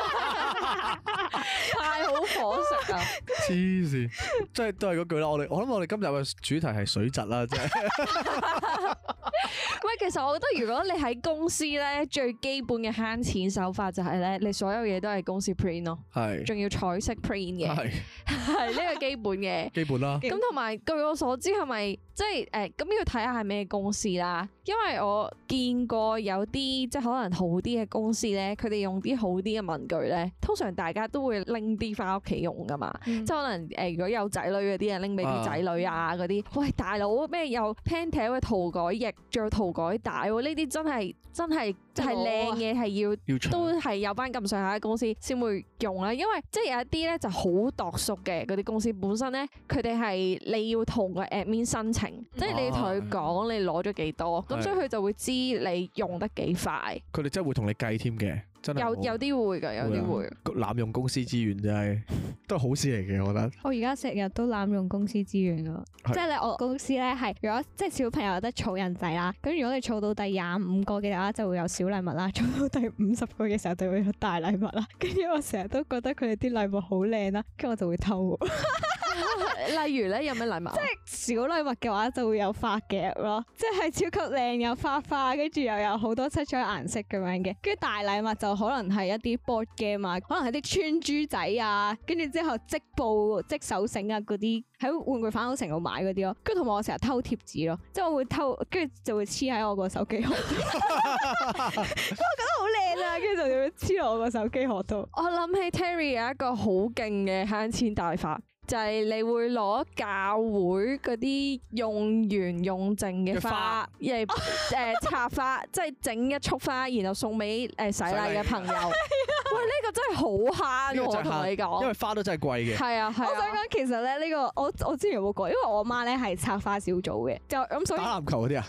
太好伙食啦！黐線、哦，即係都係嗰句啦。我哋我諗我哋今日嘅主。就係水質啦，真係。喂，其實我覺得如果你喺公司咧，最基本嘅慳錢手法就係咧，你所有嘢都係公司 print 咯是，係，仲要彩色 print 嘅，係是，係呢個基本嘅。基本啦。咁同埋據我所知係咪即係誒？咁、即係呃、要睇下係咩公司啦。因為我見過有啲即係可能好啲嘅公司咧，佢哋用啲好啲嘅文具咧，通常大家都會拎啲返屋企用㗎嘛。嗯、即係可能誒、呃，如果有仔女嗰啲啊，拎俾啲仔女啊嗰啲。喂，大佬咩有 p a n 嘅塗改液，仲有塗改帶喎？呢啲真係真係真係靚嘢，係、哦、要，要長都係有返咁上下嘅公司先會用啦。因為即係有一啲咧就好、是、度縮嘅嗰啲公司，本身咧佢哋係你要同個 admin 申請，即係你要同佢講你攞咗幾多，咁、哦、所以佢就會知你用得幾快。佢哋真係會同你計添嘅。有我有啲會嘅，會有啲會。濫用公司資源真係 都係好事嚟嘅，我覺得。我而家成日都濫用公司資源嘅，即係咧我公司呢係如果即係、即係、小朋友有得儲人仔啦，咁如果你儲到第廿五個嘅話就會有小禮物啦，儲到第五十個嘅時候就會有大禮物啦。跟住我成日都覺得佢哋啲禮物好靚啦，跟住我就會偷。 例如咧，有咩禮物？即係小禮物嘅話，就會有髮夾咯，即係超級靚，有花花，跟住又有好多七彩顏色咁樣嘅。跟住大禮物就可能係一啲 board game 啊，可能係啲穿珠仔啊，跟住之後織布、織手繩啊嗰啲，喺玩具反斗城度買嗰啲咯。跟住同埋我成日偷貼紙咯，即係我會偷，跟住就會黐喺我個手機殼。咁 我覺得好靚啊，跟住就咁黐落我個手機殼度。我諗起 Terri 有一個好勁嘅慳錢大法。就係你會攞教會啲用完用淨嘅花，花，亦誒插花，即係整一束花，然後送俾誒洗禮嘅朋友。禮啊、 喂，呢、這個真係好慳，喎，同你講，因為花都真係貴嘅。係啊係啊！啊我想講其實咧、這個，呢個我我之前有冇講？因為我媽咧係插花小組嘅，就咁所以。打籃球啲 啊？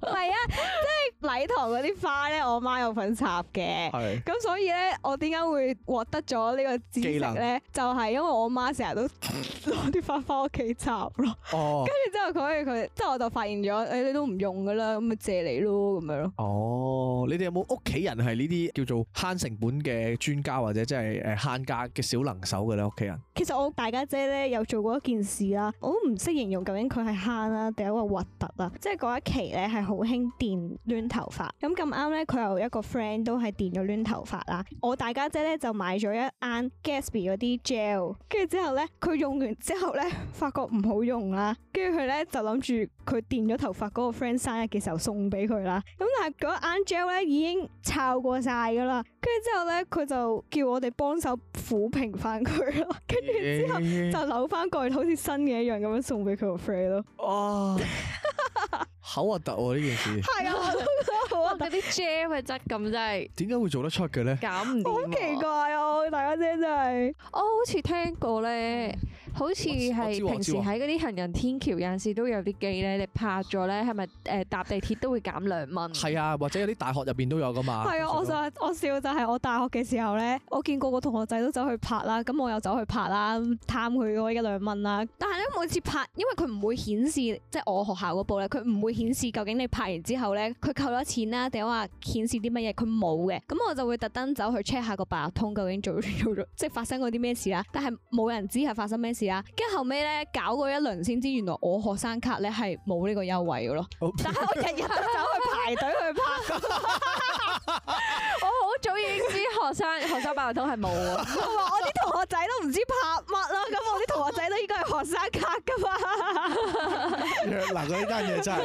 係啊，即係禮堂啲花咧，我媽有份插嘅。係咁是所以咧，我點解會獲得？咗呢個知識咧，就係因為我媽成日都攞啲花翻屋企插咯、哦，跟住之後佢佢，即係我就發現咗、哎，你哋都唔用噶啦，咁咪借你咯，咁樣咯。哦，你哋有冇屋企人係呢啲叫做慳成本嘅專家或者即係誒慳家嘅小能手嘅咧？屋企人。其實我大家姐咧有做過一件事啦，我都唔識形容究竟佢係慳啊定係一個核突啊，即係嗰一期咧係好興電攣頭髮，咁咁啱咧佢有一個 friend 都係電咗攣頭髮啦，我大家姐咧就買咗。有一啱 Gatsby 嗰啲 gel，跟住之後咧，佢用完之後咧，發覺唔好用啦。跟住佢咧就諗住佢電咗頭髮嗰個 friend 生日嘅時候送俾佢啦。咁但係嗰一啲 gel 咧已經摷過晒噶啦。跟住之後咧，佢就叫我哋幫手撫平翻佢，跟住之後就扭翻個蓋，好似新嘅一樣咁樣送俾佢個 friend 咯。哇！Oh. 好核突喎呢件事！係啊，好核突，啲 gem 嘅質感真係點解會做得出嘅咧？搞唔掂，好奇怪啊！ 大家姐真係，我好似聽過咧。好似係平時喺嗰啲行人天橋，有陣時都有啲機咧，你拍咗咧，係咪誒搭地鐵都會減兩蚊？係啊，或者有啲大學入邊都有㗎嘛。係啊對，我就我笑就係我大學嘅時候咧，我見個個同學仔都走去拍啦，咁我又走去拍啦，貪佢嗰一兩蚊啦。但係咧每次拍，因為佢唔會顯示即係、就是、我學校嗰部咧，佢唔會顯示究竟你拍完之後咧，佢扣咗錢啦，定話顯示啲乜嘢？佢冇嘅。咁我就會特登走去 check 下個八達通究竟做咗即係發生過啲咩事啦。但係冇人知係發生咩。啊！跟後尾咧搞過一輪先知，原來我學生卡咧係冇呢個優惠嘅咯。 但係我日日走去排隊去拍， 我好早已經知學生 學生八達通係冇。 我話我啲同學仔都唔知拍乜咯。咁我啲同學仔都應該係學生卡㗎嘛。嗱， 呢單嘢真係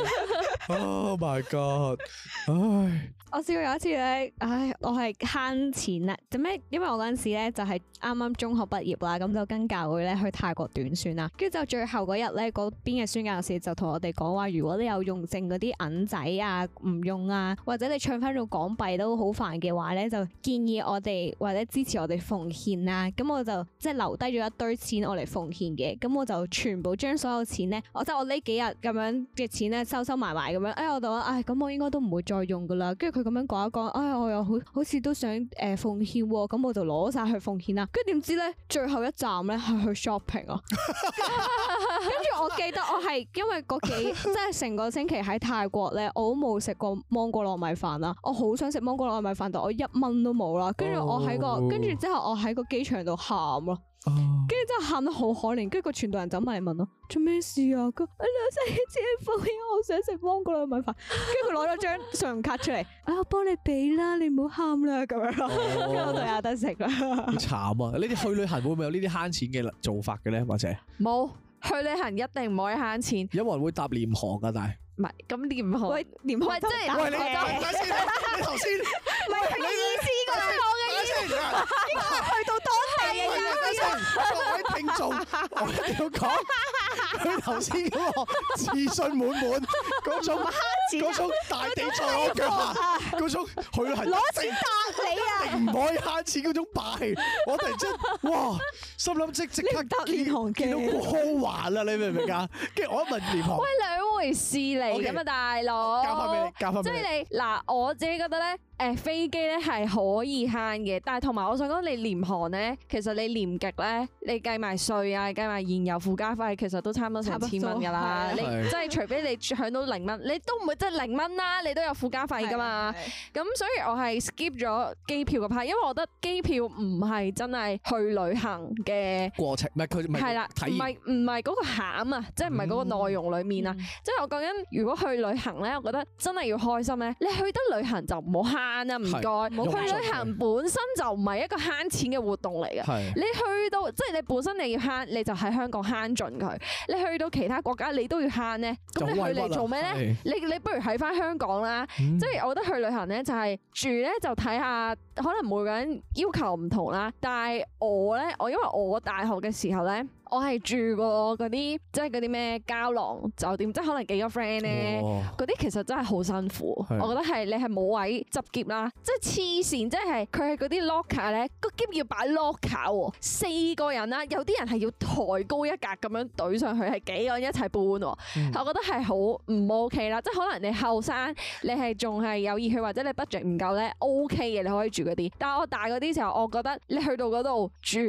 ，Oh my God！唉。我試過有一次咧，唉，我係慳錢啊！做咩？因為我嗰陣時咧就係啱啱中學畢業啦，咁就跟教會咧去泰國短宣啊，跟住就最後嗰日咧，嗰邊嘅宣教士就同我哋講話，如果你有用剩嗰啲銀仔啊，唔用啊，或者你唱翻到港幣都好煩嘅話咧，就建議我哋或者支持我哋奉獻啦、啊。咁我就即係、就係、留低咗一堆錢我嚟奉獻嘅，咁我就全部將所有錢咧，我就我呢幾日咁樣嘅錢咧收收埋埋咁樣，哎，我覺得，唉，咁我，我應該都唔會再用噶啦，跟佢咁樣講一講，哎呀，我又好好似都想誒、呃、奉獻喎、啊，咁我就攞晒去奉獻啦、啊。跟住點知咧，最後一站咧係去 shopping 啊。 跟住我記得我係因為嗰幾，即係成個星期喺泰國咧，我都冇食過芒果糯米飯啦。我好想食芒果糯米飯，但我一蚊都冇啦。跟住我喺個，oh. 跟住之後我喺個機場度喊咯。跟住真係喊得好可憐，跟住個全隊人走埋嚟問咯，做咩事啊？佢我食完煎粉，我想食芒果糯米飯，跟住佢攞咗張信用卡出嚟，啊，幫你俾啦，你唔好喊啦，咁樣，咁我都有得食啦。好慘啊！呢啲去旅行會唔會有呢啲慳錢嘅做法嘅咧？或者冇去旅行一定唔可以慳錢。有冇人會搭廉航噶？但係唔係咁廉航，廉航即係打。喂你頭先，你頭先，唔係意思。各位聽眾， 我要講佢頭先嗰個自信滿滿，嗰種嗰種大地主嘅嗰種，啊種，佢係攞錢搭你啊，一定唔可以慳錢嗰種霸氣。我突然間哇，心諗即立即刻見，見，見到見到好玩啊，你明唔明啊？跟住 我一問廉航，喂兩回事嚟㗎嘛，okay, 大佬哥。加翻俾你？加翻俾你？即係你嗱，我自己覺得咧，誒、呃、飛機咧係可以慳嘅，但係同埋我想講你廉航咧，其實你廉極咧。你計埋稅啊，計埋燃油附加費，其實都差唔多成千蚊噶啦。你即係除非你享到零蚊，你都唔會即係零蚊啦。你都有附加費噶嘛。咁所以我係 skip 咗機票嗰 part 因為我覺得機票唔係真係去旅行嘅過程，唔係佢，係啦，唔係唔係嗰個餡啊，即係唔係嗰個內容裡面啊。即係我講緊，如果去旅行咧，我覺得真係要開心咧。你去得旅行就唔好慳啊，唔該。去旅行本身就唔係一個慳錢嘅活動嚟嘅，你去。即係你本身你要慳，你就喺香港慳盡佢。你去到其他國家你都要慳咧，咁你去嚟做咩咧？是你你不如喺返香港啦。嗯、即係我覺得去旅行咧，就係、是、住咧就睇下可能每個人要求唔同啦。但係我咧，我因為我大學嘅時候咧。我係住過嗰啲，即係嗰啲咩膠囊酒店，即係可能幾個 friend 咧，嗰啲、哦、其實真係好辛苦。是的 我覺得係你係冇位執劫啦，即係黐線，即係佢係嗰啲 locker 咧，個夾、er、要擺 locker 喎、哦。四個人啦、啊，有啲人係要抬高一格咁樣懟上去，係幾個人一齊搬、啊。嗯、我覺得係好唔 OK 啦。即係可能你後生，你係仲係有熱血，或者你 budget 唔夠咧，OK 嘅你可以住嗰啲。但係我大嗰啲時候，我覺得你去到嗰度住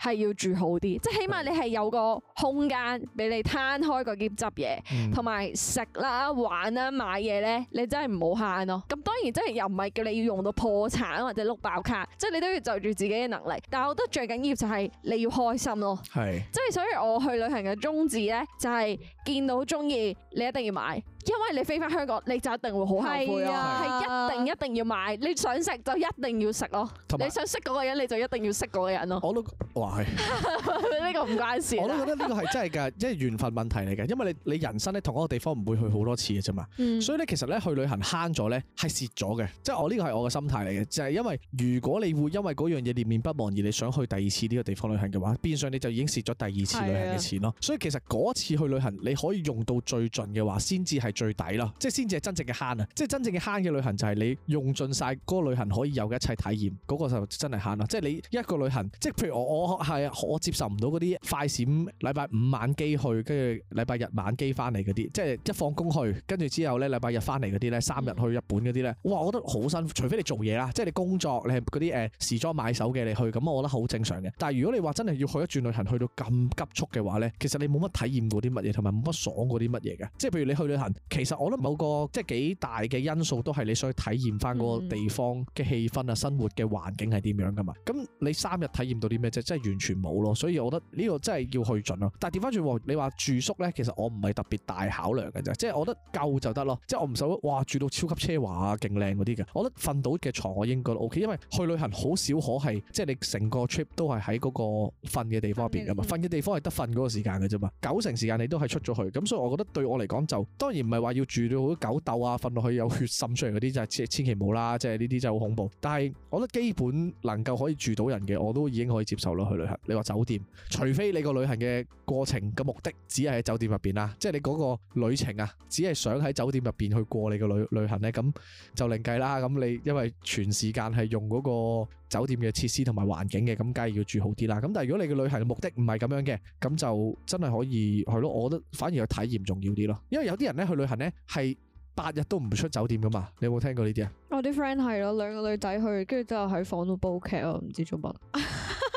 係要住好啲，即係起碼你係是的 的。係有個空間俾你攤開嗰啲執嘢，同埋食啦、玩啦、買嘢咧，你真係唔好慳咯。咁當然真係又唔係叫你要用到破產或者碌爆卡，即係你都要就住自己嘅能力。但係我覺得最緊要就係你要開心咯。係，即係所以我去旅行嘅宗旨咧，就係見到中意，你一定要買。因為你飛返香港，你就一定會好後悔啊！係一定一定要買，你想食就一定要食咯。還有 你想識嗰個人，你就一定要識嗰個人咯，我。我都話呢個唔關事。我都覺得呢個係真係㗎，即係緣分問題嚟嘅，因為你你人生咧，同一個地方唔會去好多次嘅啫嘛。嗯、所以咧其實咧去旅行慳咗咧係蝕咗嘅，即係我呢個係我嘅心態嚟嘅，就係、係、因為如果你會因為嗰樣嘢念念不忘而你想去第二次呢個地方旅行嘅話，變相你就已經蝕咗第二次旅行嘅錢咯。是的 所以其實嗰次去旅行你可以用到最盡嘅話，先至係。最抵啦，即係先至係真正嘅慳啊！即係真正嘅慳嘅旅行就係你用盡晒嗰個旅行可以有嘅一切體驗，嗰個就真係慳啦！即係你一個旅行，即係譬如我我係我接受唔到嗰啲快閃，禮拜五晚機去，跟住禮拜日晚機翻嚟嗰啲，即係一放工去，跟住之後咧禮拜日翻嚟嗰啲咧，三日去日本嗰啲咧，哇！我覺得好辛苦，除非你做嘢啦，即係你工作，你係嗰啲誒時裝買手嘅你去，咁我覺得好正常嘅。但係如果你話真係要去一轉旅行去到咁急速嘅話咧，其實你冇乜體驗過啲乜嘢，同埋冇乜爽過啲乜嘢嘅。即係譬如你去旅行。其實我覺得某個即係幾大嘅因素都係你想去體驗翻嗰個地方嘅氣氛啊、嗯、生活嘅環境係點樣噶嘛。咁你三日體驗到啲咩啫？即係完全冇咯。所以我覺得呢個真係要去盡咯。但係調翻轉喎，你話住宿咧，其實我唔係特別大考量嘅啫。即係我覺得夠就得咯。即係我唔使話住到超級奢華啊、勁靚嗰啲嘅。我覺得瞓到嘅床我應該都 O K，因為去旅行好少可係即係你成個 trip 都係喺嗰個瞓嘅地方入邊噶嘛。瞓嘅、嗯嗯、地方係得瞓嗰個時間嘅啫嘛。九成時間你都係出咗去，咁所以我覺得對我嚟講就當然唔係話要住到好多狗竇啊，瞓落去有血滲出嚟嗰啲，就千千祈唔好啦。即係呢啲真係好恐怖。但係我覺得基本能夠可以住到人嘅，我都已經可以接受啦。去旅行，你話酒店，除非你個旅行嘅過程嘅目的只係喺酒店入邊啦，即係你嗰個旅程啊，只係想喺酒店入邊去過你個旅旅行咧，咁就另計啦。咁你因為全時間係用嗰個。酒店嘅設施同埋環境嘅，咁梗係要住好啲啦。咁但係如果你嘅旅行嘅目的唔係咁樣嘅，咁就真係可以係咯。我覺得反而去體驗重要啲咯。因為有啲人咧去旅行咧係八日都唔會出酒店噶嘛。你有冇聽過呢啲啊？我啲 friend 係咯，兩個女仔去，跟住之後就喺房度煲劇啊，唔知做乜。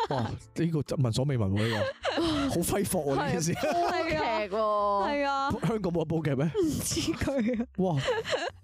哇！呢、這個就聞所未聞喎，呢個好揮霍喎呢、啊、件事，煲劇喎，啊！ 香港冇得煲劇咩？唔知佢 啊！哇！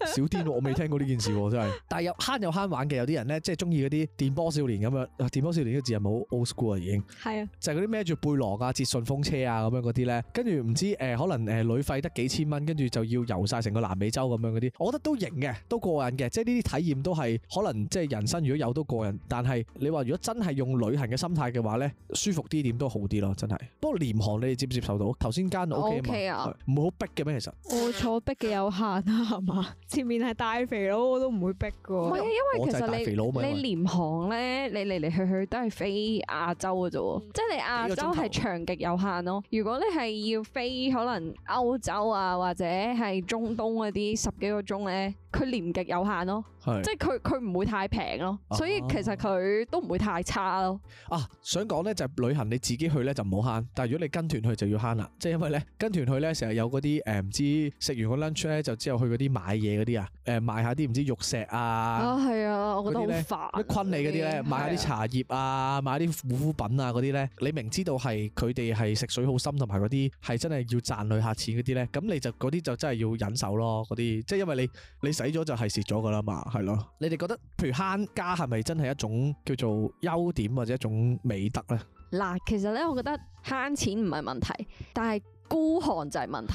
少天，我未聽過呢件事喎、啊，真係。但係有慳又慳玩嘅，有啲人咧，即係中意嗰啲電波少年咁樣、啊。電波少年呢個字係冇 old school 啊，已經係啊，就係嗰啲孭住背囊啊，截順風車啊，咁樣嗰啲咧，跟住唔知誒，可能誒旅費得幾千蚊，跟住就要遊晒成個南美洲咁樣嗰啲，我覺得都型嘅，都過癮嘅，即係呢啲體驗都係可能即係人生如果有都過癮。但係你話如果真係用旅行嘅。心態嘅話咧，舒服啲，點都好啲咯，真係。不過廉航，你接唔接受到？頭先間 OK 啊，唔會好逼嘅咩？其實我坐逼嘅有限啊，係嘛？前面係大肥佬，我都唔會逼噶。唔係啊，因為其實你肥佬你，你廉航咧，你嚟嚟去去都係飛亞洲嘅啫，嗯、即係你亞洲係長極有限咯。嗯、如果你係要飛可能歐洲啊，或者係中東嗰啲十幾個鐘咧。佢廉極有限咯，是即係佢佢唔會太平咯，哦、所以其實佢都唔會太差咯。啊，想講咧就係旅行你自己去咧就唔好慳，但係如果你跟團去就要慳啦，即係因為咧跟團去咧成日有嗰啲誒唔知食完個 lunch 咧就之後去嗰啲買嘢嗰啲啊，誒買下啲唔知玉石啊，啊係啊，我覺得好煩，咩坤你嗰啲咧，買下啲茶葉啊，買下啲護膚品啊，嗰啲咧，你明知道係佢哋係食水好深，同埋嗰啲係真係要賺旅客錢嗰啲咧，咁你就嗰啲就真係要忍受咯嗰啲，即係因為你你，你睇咗就係蝕咗噶啦嘛，係咯。你哋覺得，譬如慳家係咪真係一種叫做優點或者一種美德咧？嗱，其實咧，我覺得慳錢唔係問題，但係孤寒就係問題。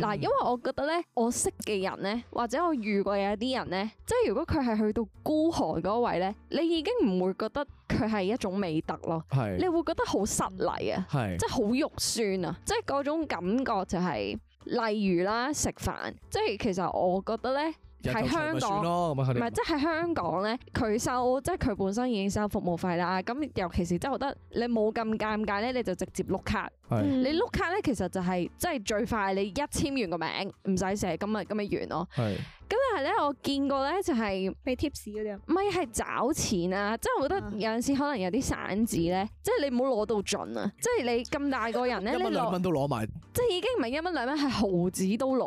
嗱、嗯，因為我覺得咧，我識嘅人咧，或者我遇過有一啲人咧，即係如果佢係去到孤寒嗰位咧，你已經唔會覺得佢係一種美德咯。係是，你會覺得好失禮啊，係是，即係好肉酸啊，即係嗰種感覺就係、是，例如啦，食飯，即係其實我覺得咧。喺香港唔係，即係香港咧，佢收即係佢本身已經收服務費啦。咁尤其是即係覺得你冇咁尷尬咧，你就直接碌卡。是你碌卡咧，其實就係即係最快，你一簽完個名，唔使寫，咁咪咁咪完咯。咁但係咧，我見過咧就係俾貼士嗰啲啊，咪係找錢啊！即係我覺得有陣時可能有啲散紙咧，即係你唔好攞到盡啊！即係你咁大個人咧，一蚊兩蚊都攞埋，即係已經唔係一蚊兩蚊，係毫子都攞。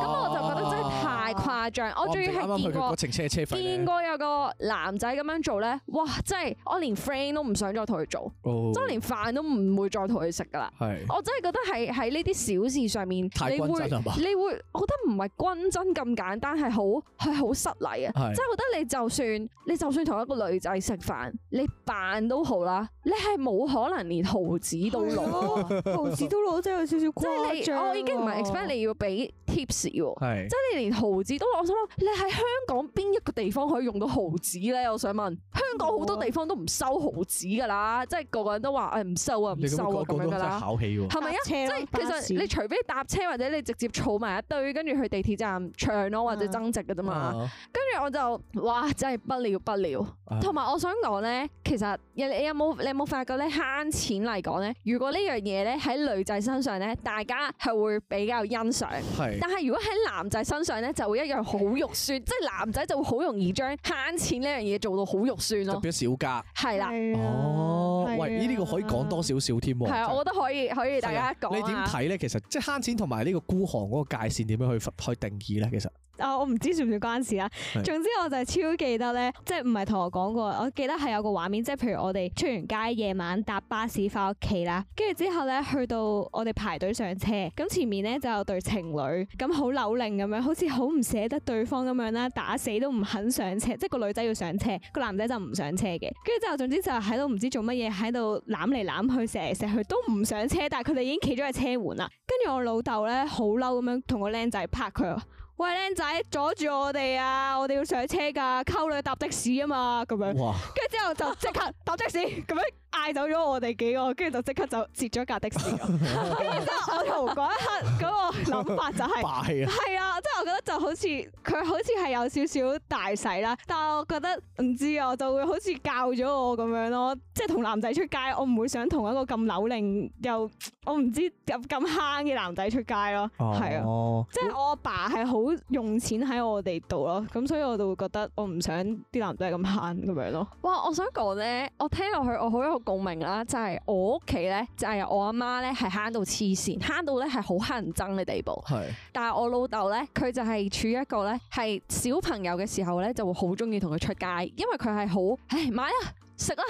咁我就覺得真係太誇張。我仲要係見過，見過有個男仔咁樣做咧，哇！真係我連 friend 都唔想再同佢做，即係連飯都唔會再同佢食噶啦。我真係覺得係喺呢啲小事上面，你會你會覺得唔係均真。咁簡單係好係好失禮啊！即係是的 我覺得你就算你就算同一個女仔食飯，你扮都好啦，你係冇可能連毫子都攞吧，毫 子都攞，真係有少少誇張，即係你，我已經唔係 expect 你要俾。Tips 喎，是即係你連毫紙都我，我想問你喺香港邊一個地方可以用到毫紙咧？我想問香港好多地方都唔收毫紙噶啦，啊、即係個個人都話誒唔收啊，唔收啊咁樣噶啦。係咪啊？即係其實你除非搭車或者你直接儲埋一堆，跟住去地鐵站唱咯，或者增值噶啫嘛。跟住、啊、我就哇，真係不了不了。同埋、啊、我想講咧，其實你有冇你有冇你有冇發覺咧，慳錢嚟講咧，如果呢樣嘢咧喺女仔身上咧，大家係會比較欣賞。但係如果喺男仔身上咧，就會一樣好肉酸， 即係男仔就會好容易將慳錢呢樣嘢做到好肉酸咯，變小家，係啦了。啊、哦，啊、喂，呢、呢個可以講多少少添？係啊，以我都可以可以大家講、啊、你點睇咧？其實即係慳錢同埋呢個孤寒嗰個界線點樣去去定義咧？其實。啊、哦！我唔知算唔算關事啦。總之我就係超記得咧，即係唔係同我講過。我記得係有個畫面，即係譬如我哋出完街，夜晚搭巴士翻屋企啦。跟住之後咧，去到我哋排隊上車，咁前面咧就有對情侶，咁好扭擰咁樣，好似好唔捨得對方咁樣啦，打死都唔肯上車。即係個女仔要上車，個男仔就唔上車嘅。跟住之後，總之就喺度唔知做乜嘢，喺度攬嚟攬去，射嚟射去，都唔上車。但係佢哋已經企咗喺車門啦。爸爸跟住我老豆咧，好嬲咁樣同個僆仔拍佢。喂，僆仔，阻住我哋啊！我哋要上車㗎，溝女搭的士啊嘛，咁樣。跟住之後就即刻搭的士，咁樣。嗌走咗我哋幾個，跟住就即刻就截咗架的士。跟住之後，我同嗰一刻嗰個諗法就係，係拜了 啊，即係我覺得就好似佢好似係有少少大使啦。但係我覺得唔知啊，就會好似教咗我咁樣咯。即係同男仔出街，我唔會想同一個咁扭擰又我唔知咁咁慳嘅男仔出街咯。係啊，即係、啊哦、我阿爸係好用錢喺我哋度咯。咁所以我就會覺得我唔想啲男仔咁慳咁樣咯。哇！我想講咧，我聽落去我好有共鳴啦，就係、是、我屋企咧，就係、是、我阿媽咧係慳到黐線，慳到咧係好乞人憎嘅地步。係是，但係我老豆咧，佢就係處於一個咧係小朋友嘅時候咧，就會好中意同佢出街，因為佢係好唉買啊食啦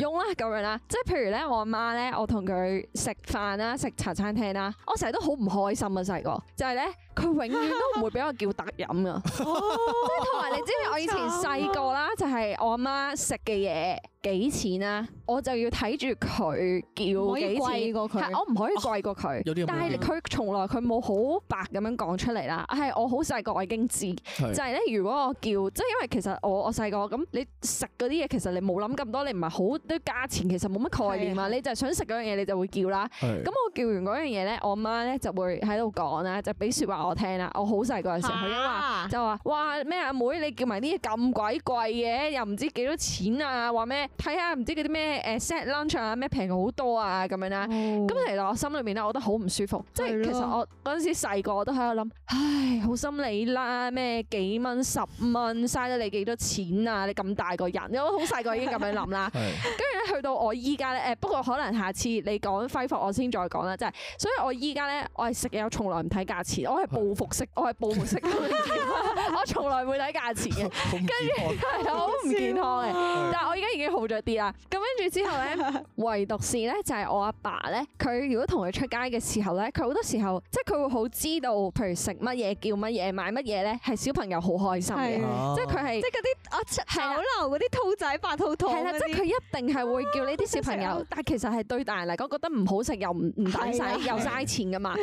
用啦咁樣啦。是即係譬如咧我阿媽咧，我同佢食飯啦食茶餐廳啦，我成日都好唔開心啊細個就係、是、咧。佢永遠都唔會俾我叫特飲啊。即係同埋你知唔知我以前細個啦，就係我阿媽食嘅嘢幾錢啊，我就要睇住佢叫幾錢過佢，我唔可以貴過佢。過啊、有有有，但係佢從來佢冇好白咁樣講出嚟啦。係我好細個，我已經知，是的 就係咧。如果我叫，即係因為其實我我細個咁，你食嗰啲嘢其實你冇諗咁多，你唔係好多價錢，其實冇乜概念啊。是的 你就係想食嗰樣嘢，你就會叫啦。咁是的 我叫完嗰樣嘢咧，我阿媽咧就會喺度講啦，就俾説話我。我聽啦，我好細嗰陣時佢都話，啊、就話，哇，咩阿妹你叫埋啲咁鬼貴嘅，又唔知幾多錢啊，話咩睇下唔知嗰啲咩誒 set lunch 啊咩平好多啊，咁樣啦、啊，咁其實我心裏面咧，我覺得好唔舒服，即係其實我嗰陣時細個我都喺度諗，唉好心理啦，咩幾蚊十蚊，嘥得你幾多錢啊，你咁大個人，我好細個已經咁樣諗啦，跟住咧去到我依家咧，誒不過可能下次你講揮霍我先再講啦，即、就、係、是，所以我依家咧我係食嘢我從來唔睇價錢，我係。報復式，我係報復式，我從來唔睇價錢嘅，跟住係好唔健康嘅。但係我而家已經好咗啲啦。咁跟住之後咧，唯獨是咧就係我阿爸咧，佢如果同佢出街嘅時候咧，佢好多時候即係佢會好知道，譬如食乜嘢，叫乜嘢，買乜嘢咧，係小朋友好開心嘅，即係佢係即係嗰啲啊酒樓嗰啲兔仔白兔兔嗰啲，佢一定係會叫呢啲小朋友。但係其實係對大人嚟講覺得唔好食又唔唔抵使又嘥錢噶嘛。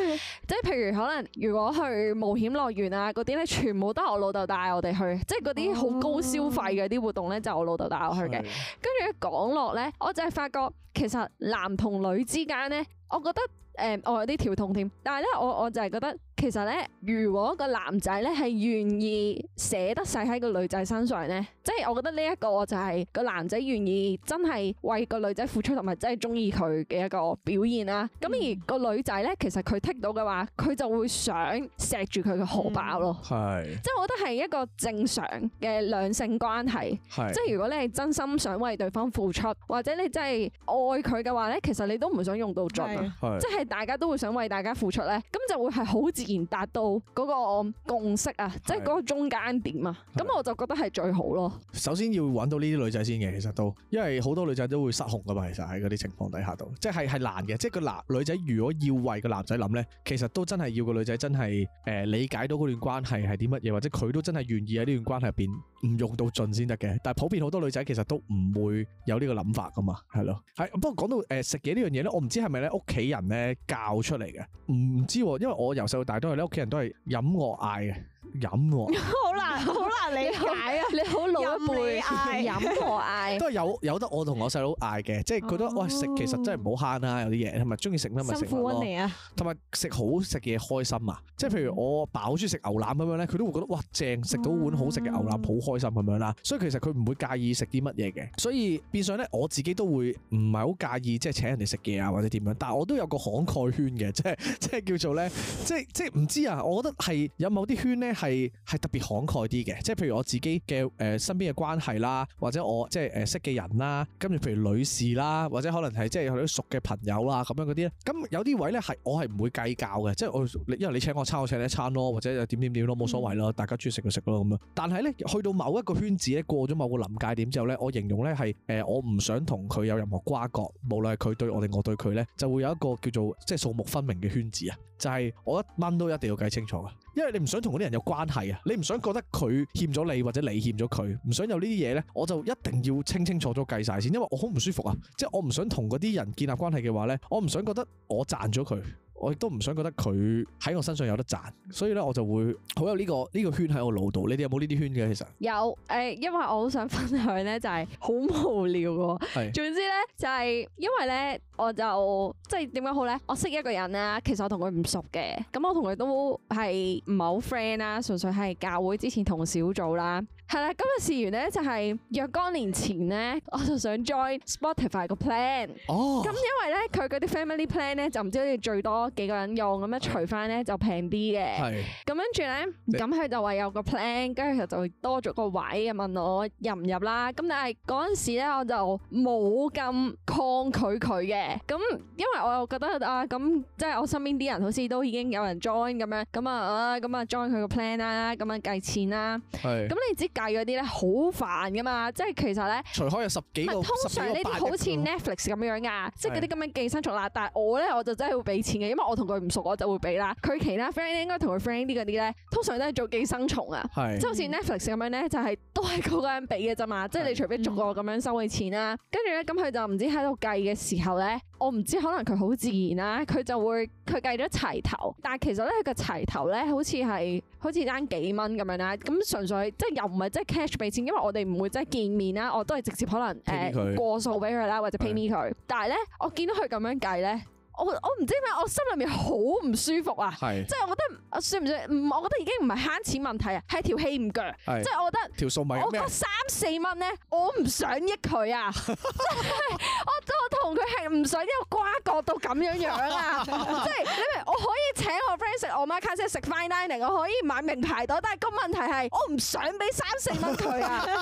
即係譬如可能如果。去冒險樂園啊，嗰啲咧全部都係我老豆帶我哋去，即係嗰啲好高消費嘅啲活動咧，就係我老豆帶我去嘅。跟住一講落咧，我就係發覺其實男同女之間咧，我覺得誒、呃、我有啲跳 tone 添，但係咧我我就係覺得。其實咧，如果個男仔咧係願意捨得使喺個女仔身上咧，即係我覺得呢一個就係個男仔願意真係為個女仔付出，同埋真係中意佢嘅一個表現啦，啊。咁，嗯、而個女仔咧，其實佢剔到嘅話，佢就會想錫住佢嘅荷包咯。係，嗯嗯，即係我覺得係一個正常嘅兩性關係。係，嗯、即係如果你係真心想為對方付出，或者你真係愛佢嘅話咧，其實你都唔想用到盡，啊，即係，嗯嗯，大家都會想為大家付出咧，咁就會係好自。然達到嗰個共識啊，的即係嗰個中間點啊，咁的我就覺得係最好咯。首先，要揾到呢啲女仔先嘅，其實都，因為好多女仔都會失控噶嘛。其實喺嗰啲情況底下度，即係係難嘅。即係個男女仔如果要為個男仔諗咧，其實都真係要個女仔真係誒、呃、理解到嗰段關係係啲乜嘢，或者佢都真係願意喺呢段關係入邊唔用到盡先得嘅。但係普遍好多女仔其實都唔會有呢個諗法噶嘛，係咯，係。不過講到誒、呃、食嘢呢樣嘢咧，我唔知係咪咧屋企人咧教出嚟嘅，唔知、啊，因為我由細到大。都係咧，屋企人都係飲我嗌嘅。飲好、啊、 難好難理解啊！你好老一輩，飲和嗌都係有有得我同我細佬嗌嘅，即係覺得喂食其實真係唔好慳啦，有啲嘢，係咪中意食咩咪食咯，辛苦 啊同埋食好食嘅嘢開心啊！即係譬，如我爸好中意食牛腩咁樣咧，佢都會覺得哇正，食到碗好食嘅牛腩好開心咁樣啦。哦、所以其實佢唔會介意食啲乜嘢嘅。所以變相咧，我自己都會唔係好介意即係請人哋食嘢啊或者點樣，但係我都有個慷慨的圈嘅，即係即係叫做咧， 即係即係唔知啊！我覺得係有某啲圈咧。係係特別慷慨啲嘅，即係譬如我自己嘅誒、呃、身邊嘅關係啦，或者我即係誒識嘅人啦，跟住譬如女士啦，或者可能係即係有啲熟嘅朋友啦，咁樣嗰啲咧，咁有啲位咧係我係唔會計較嘅，即係我因為你請我餐我請你一餐咯，或者點點點咯，冇所謂咯，大家中意食就食咯咁樣。但係咧去到某一個圈子咧，過咗某個臨界點之後咧，我形容咧係誒我唔想同佢有任何瓜葛，無論係佢對我定我對佢咧，就會有一個叫做即係數目分明嘅圈子啊。就係我一蚊都一定要計清楚啊，因為你唔想同嗰啲人有關係啊，你唔想覺得佢欠咗你或者你欠咗佢，唔想有呢啲嘢呢，我就一定要清清楚楚計晒先，因為我好唔舒服啊，即係我唔想同嗰啲人建立關係嘅話呢，我唔想覺得我賺咗佢。我亦都唔想覺得佢喺我身上有得賺，所以咧我就會好有呢個呢個圈喺我腦度。你哋有冇呢啲圈嘅？其實有誒、欸，因為我好想分享咧，就係好無聊嘅。係，總之咧就係因為咧，我就即係點樣好咧？我識一個人咧，其實我同佢唔熟嘅，咁我同佢都係唔係好 friend 啦，純粹係教會之前同小組啦。係啦，今日試完咧就係、是、若干年前咧，我就想 join Spotify 個 plan。哦，咁因為咧佢嗰啲 family plan 咧就唔知好似最多幾個人用咁樣除，除翻咧就平啲嘅。係，咁跟住咧，咁佢就話有個 plan，跟住就多咗個位，問我入唔入啦。咁但係嗰陣時咧，我就冇咁抗拒佢嘅。咁因為我又覺得啊，咁即係我身邊啲人好似都已經有人 join 咁樣，咁啊，咁啊 join 佢個 plan 啦，咁樣計錢啦。係，咁你只。計嗰啲咧好煩噶嘛，即係其實咧，除開有十幾個，通常呢啲好似 Netflix 咁樣噶，即係嗰啲咁樣寄生蟲啦。對 但係我咧我就真係會俾錢嘅，因為我同佢唔熟，我就會俾啦。佢其他 friend 咧應該同佢 friend 啲嗰啲咧，通常都係做寄生蟲啊，即係好似 Netflix 咁樣咧，就係都係嗰個人俾嘅啫嘛。即係你除非逐個咁樣收佢錢啦，跟住咧咁佢就唔知喺度計嘅時候咧，我唔知可能佢好自然啦、啊，佢就會佢計咗齊頭，但係其實咧佢個齊頭咧好似係好似爭幾蚊咁樣啦，咁純粹即係又唔係。即係 cash 俾錢，因為我哋唔會即係見面啦，我都係直接可能誒聽他、呃、過數俾佢啦，或者 pay me 佢。是的 但係咧，我見到佢咁樣計咧。我我唔知咩，我心裏面好唔舒服啊！即係是我覺得算唔算？唔，我覺得已經唔係慳錢問題啊，係條氣唔腳。即係是我覺得條數咪三四蚊咧，我唔想益佢啊！ 我我同佢係唔想呢有瓜葛到咁樣樣啊！即係， 你我可以請我 friend 食，我買卡車食 fine dining，我可以買名牌袋，但係個問題係我唔想俾三四蚊佢啊！跟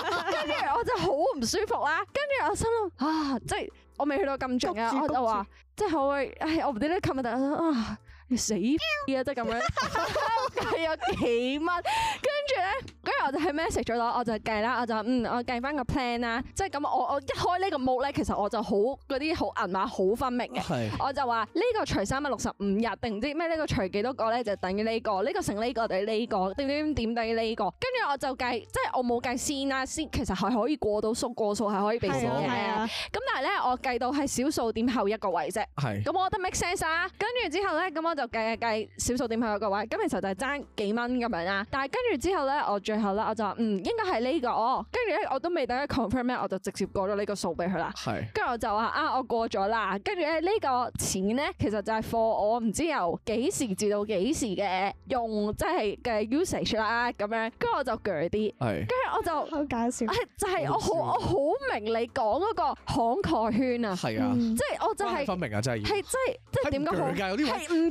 住 我就好唔舒服啊。跟住我心諗啊，即係、就是、我未去到咁盡啊，我就話。即係好啊！唉，我唔記得琴日啊。死啊！即係咁樣， 我計咗幾蚊，跟住咧，跟住我就喺 message 咗，我就計啦，我就嗯，我計翻個 plan 啦，即係咁，我我一開呢個目咧，其實我就好嗰啲好銀碼好分明嘅，是我就話呢、這個除三百六十五日，定唔知咩呢個除幾多個咧，就是、等於呢、這個，呢、這個乘呢個等於呢個，點點點等於呢、這個，跟住、這個、我就計，即、就、係、是、我冇計先啦、啊，先其實係可以過到數、過數係可以俾數嘅，咁、啊啊、但係咧我計到係小數點後一個位啫，咁是我覺得 make sense 啊，跟住之後咧咁我。就計計小數點去嗰個位，咁其實就係爭幾蚊咁樣啦。但係跟住之後咧，我最後咧，我就話嗯應該係、哦、呢個，跟住咧我都未等佢 confirm 咧，我就直接過咗呢個數俾佢啦。係是。跟住我就話啊，我過咗啦。跟住咧呢、呢個錢咧，其實就係 for 我唔知由幾時至到幾時嘅用，即、就、係、是、嘅 usage 啦咁樣。跟住我就鋸啲。係是。我就好搞笑，係就係，我好我好明你講嗰個慷慨圈啊，係啊，即係我真係分明啊，真係係真係即係點講好，係唔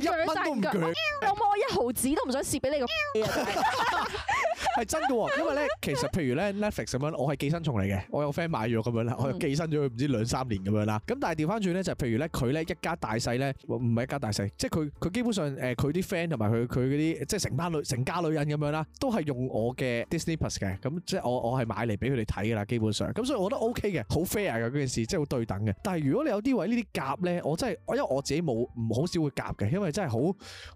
鋸曬腳，我冇一毫子都唔想蝕俾你個。係真嘅，因為咧，其實譬如咧 Netflix 咁樣，我係寄生蟲嚟嘅，我有 friend 買咗咁樣啦，我就寄生咗佢唔知兩三年咁樣啦。咁但係調翻轉咧，就譬如咧佢咧一家大細咧，唔係一家大細，即係佢佢基本上誒佢啲 friend 同埋佢佢嗰啲，即係成班女成家女人咁樣啦，都係用我嘅 Disney Plus 嘅，咁即係我我係買嚟俾佢哋睇噶啦，基本上。咁所以我覺得 OK 嘅，好 fair 嘅嗰件事，即係好對等嘅。但係如果你有啲位呢啲夾咧，我真係因為我自己冇唔好少會夾嘅，因為真係好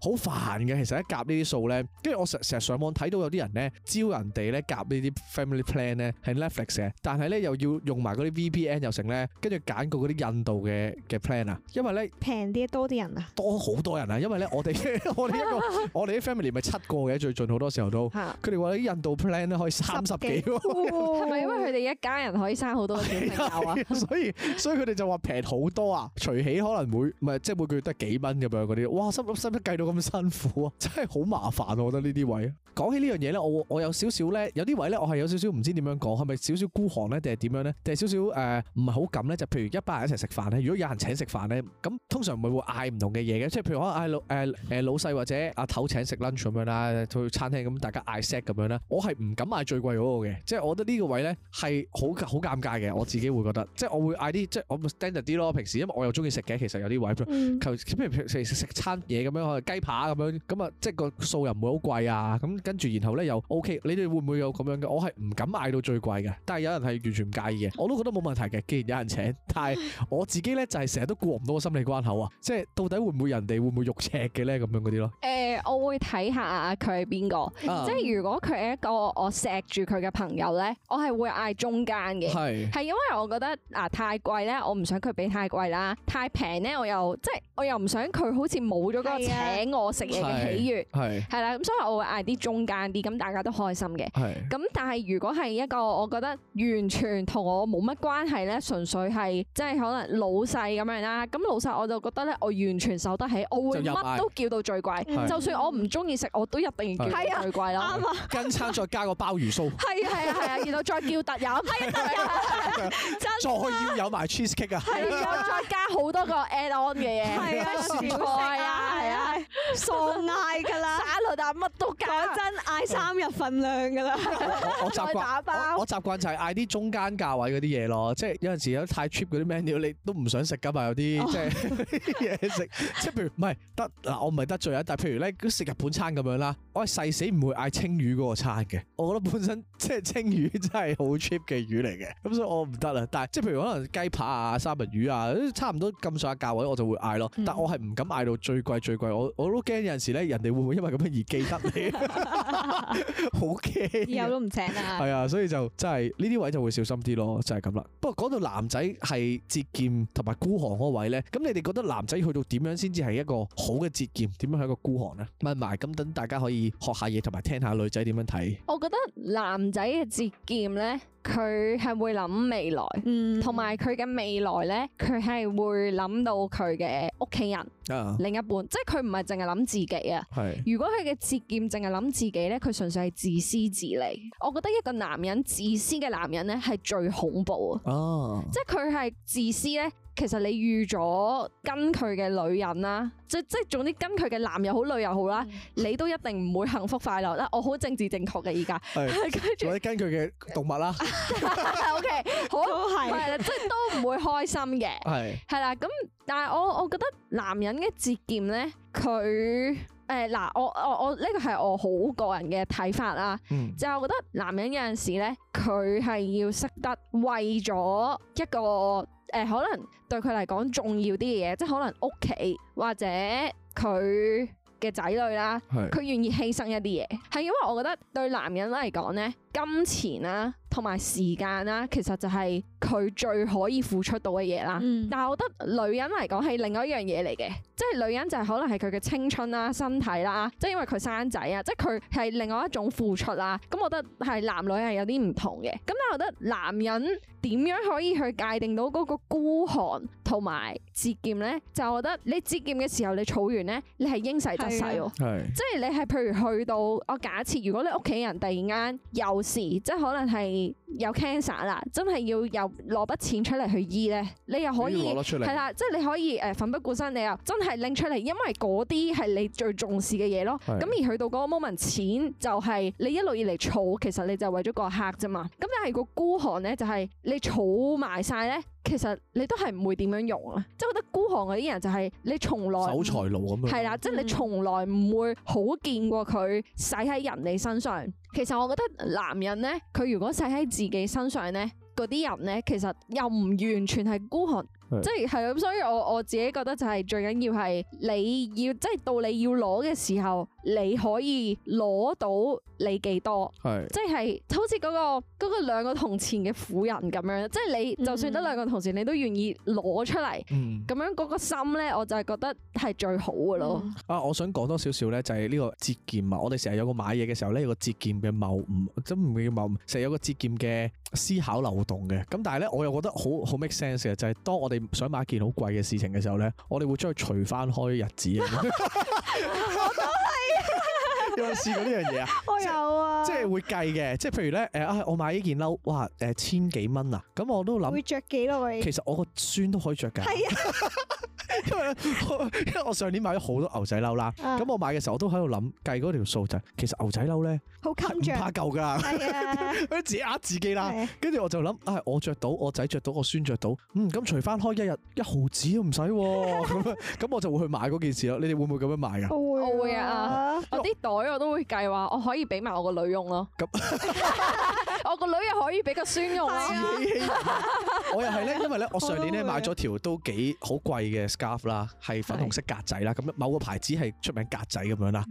好煩嘅。其實一夾呢啲數咧，跟住我成日上網睇到有啲人咧。招人哋咧夾呢啲 family plan 咧，係 Netflix 嘅，但係咧又要用埋嗰啲 VPN 又成咧，跟住揀個嗰啲印度嘅嘅 plan 啊，因為咧平啲多啲人啊，多好多人啊，因為咧我哋我哋一個 我哋啲 family 咪七個嘅，最近好多時候都，佢哋話啲印度 plan 咧可以三十幾，係咪因為佢哋一家人可以生好多小 所以所以佢哋就話平好多啊，除起可能會唔係即係每個月都係幾蚊咁樣嗰啲，哇，使唔使計到咁辛苦啊，真係好麻煩啊！我覺得呢啲位講起呢樣嘢咧，我。我有少少咧，有啲位咧，我係有少少唔知點樣講，係咪少少孤寒咧，定係點樣咧？定係少少誒唔係好敢咧？就譬如一班人一齊食飯咧，如果有人請食飯咧，咁通常唔會嗌唔同嘅嘢嘅，即係譬如可能嗌老誒、呃、老細或者阿頭請食 lunch 咁樣啦，去餐廳咁大家嗌 set 咁樣啦。我係唔敢嗌最貴嗰個嘅，即係我覺得呢個位咧係好好尷尬嘅，我自己會覺得，即係我會嗌啲即係我 standard 啲咯。平時因為我又中意食嘅，其實有啲位譬如譬如，如，如，如食，食餐嘢咁樣，可能雞扒咁樣，咁啊即係個數又唔會好貴啊，咁跟住然後咧又。又 O.K. 你哋會唔會有咁樣嘅？我係唔敢嗌到最貴嘅，但係有人係完全唔介意嘅，我都覺得冇問題嘅。既然有人請，但係我自己咧就係成日都過唔到個心理關口啊！即係到底會唔會人哋會唔會肉赤嘅咧？咁樣嗰啲咯。誒，我會睇下佢係邊個。啊、即係如果佢係一個我錫住佢嘅朋友咧，我係會嗌中間嘅。係係是 因為我覺得啊，太貴咧，我唔想佢俾太貴啦。太平咧，我又即係、就是、我又唔想佢好似冇咗嗰個請我食嘢嘅喜悅。係係啦，咁所以我會嗌啲中間啲咁大家。都開心嘅，咁但係如果係一個我覺得完全同我冇乜關係咧，純粹係即係可能老細咁樣啦。咁老細我就覺得咧，我完全受得起，我會乜都叫到最貴。就算我唔中意食，我都一定要叫最貴咯。跟餐再加個鮑魚酥，係啊係啊，然後再叫特飲，再要有埋 cheesecake 啊，再加好多個 add on 嘅嘢，係啊，係啊，係啊。傻嗌噶啦，渣女啊，乜都講真嗌三日份量噶啦，再打包。我習慣就係嗌啲中間價位嗰啲嘢咯，即係有陣時有太 cheap 嗰啲 menu，你都唔想食噶嘛，有啲即係嘢食。即係譬如唔係得嗱，我唔係得罪啊，但係譬如咧食日本餐咁樣啦，我係誓死唔會嗌青魚嗰個餐嘅。我覺得本身即係青魚真係好 cheap 嘅魚嚟嘅，咁所以我唔得啦。但係即係譬如可能雞扒啊、三文魚啊，差唔多咁上下價位我就會嗌咯。嗯、但我係唔敢嗌到最貴最貴，我我都。驚有陣時咧，人哋會唔會因為咁樣而記得你？好驚 怕以後都唔請啦。係啊，所以就真係呢啲位就會小心啲咯，就係咁啦。不過講到男仔係節儉同埋孤寒嗰位咧，咁你哋覺得男仔去到點樣先至係一個好嘅節儉？點樣係一個孤寒咧？問埋咁，等大家可以學下嘢，同埋聽，聽下女仔點樣睇。我覺得男仔嘅節儉咧。佢係會諗未來，同埋佢嘅未來咧，佢係會諗到佢嘅屋企人，啊、另一半，即係佢唔係淨係諗自己啊。是如果佢嘅節儉淨係諗自己咧，佢純粹係自私自利。我覺得一個男人自私嘅男人咧，係最恐怖啊！即係佢係自私咧。其實你預咗跟佢嘅女人啦，即即係總之跟佢嘅男又好，女又好啦，嗯、你都一定唔會幸福快樂啦。我好政治正確嘅而家，是 著或者跟佢嘅動物啦 ，OK， 好係是，即係都唔會開心嘅，係係啦。咁但係我我覺得男人嘅節儉咧，佢誒嗱，我我我呢個係我好個人嘅睇法啦。嗯、就我覺得男人有陣時咧，佢係要識得為咗一個。誒、呃，可能對佢嚟講重要啲嘅嘢，即可能屋企或者佢嘅仔女啦，佢願是意犧牲一啲嘢，係因為我覺得對男人嚟講呢。金錢啦、啊，同埋時間啦、啊，其實就係佢最可以付出到嘅嘢啦。嗯、但係我覺得女人嚟講係另外一樣嘢嚟嘅，即係女人就係可能係佢嘅青春啦、啊、身體啦，即係因為佢生仔啊，即係佢係另外一種付出啦、啊。咁我覺得係男女係有啲唔同嘅。咁但係我覺得男人點樣可以去界定到嗰個孤寒同埋節儉咧？就我覺得你節儉嘅時候，你儲完咧，你係應使得使喎，是啊、即係你係譬如去到我假設，如果你屋企人突然間又事即係可能係有 cancer 啦，真係要有攞筆錢出嚟去醫咧，你又可以攞出嚟係啦，即係你可以誒奮、呃、不顧身，你又真係拎出嚟，因為嗰啲係你最重視嘅嘢咯。咁是的 而去到嗰個 moment，錢就係你一路以嚟儲，其實你就係為咗個客啫嘛。咁但係個孤寒咧，就係、是、你儲埋晒咧。其實你都係唔會點樣用啊，即係覺得孤寒嗰啲人就係你從來守財奴咁樣了，係啦，即係你從來唔會好見過佢使喺人哋身上。其實我覺得男人咧，佢如果使喺自己身上咧，嗰啲人咧，其實又唔完全係孤寒，即係係咁。所以我我自己覺得就係最緊要係你要，即係到你要攞嘅時候。你可以攞到你幾多是、那個？係即係好似嗰個嗰個兩個銅錢嘅婦人咁樣，即、就、係、是、你就算得兩個銅錢，你都願意攞出嚟。咁、嗯、樣嗰個心咧，我就係覺得係最好嘅咯。嗯、啊，我想講多少少咧，就係呢個節儉啊！我哋成日有個買嘢嘅時候咧，有個節儉嘅謬誤，唔真唔叫謬誤，成日有個節儉嘅思考流動嘅。咁但係咧，我又覺得好好 make sense 嘅，就係、是、當我哋想買一件好貴嘅事情嘅時候咧，我哋會將佢除翻開日子。 有冇試過呢樣嘢啊？我有啊，即係會計嘅，即係譬如咧，誒啊，我買呢件褸，哇，誒千幾蚊啊，咁我都諗會着幾耐？其實我個孫都可以着㗎。係啊，因為因為我上年買咗好多牛仔褸啦，咁我買嘅時候我都喺度諗計嗰條數就係，其實牛仔褸咧，好襟著，唔怕舊㗎。佢自己呃自己啦。跟住我就諗啊，我着到，我仔着到，我孫着到，咁除翻開一日一毫子都唔使，咁咁我就會去買嗰件事咯。你哋會唔會咁樣買㗎？我會啊，我啲袋。所以我都會計劃，我可以俾埋我個女用咯。咁 我個女又可以俾個孫用啊。 我又係咧，因為咧，我上年咧買咗條都幾好貴嘅 scarf 啦，係粉紅色格仔啦。咁某個牌子係出名格仔咁 樣啦。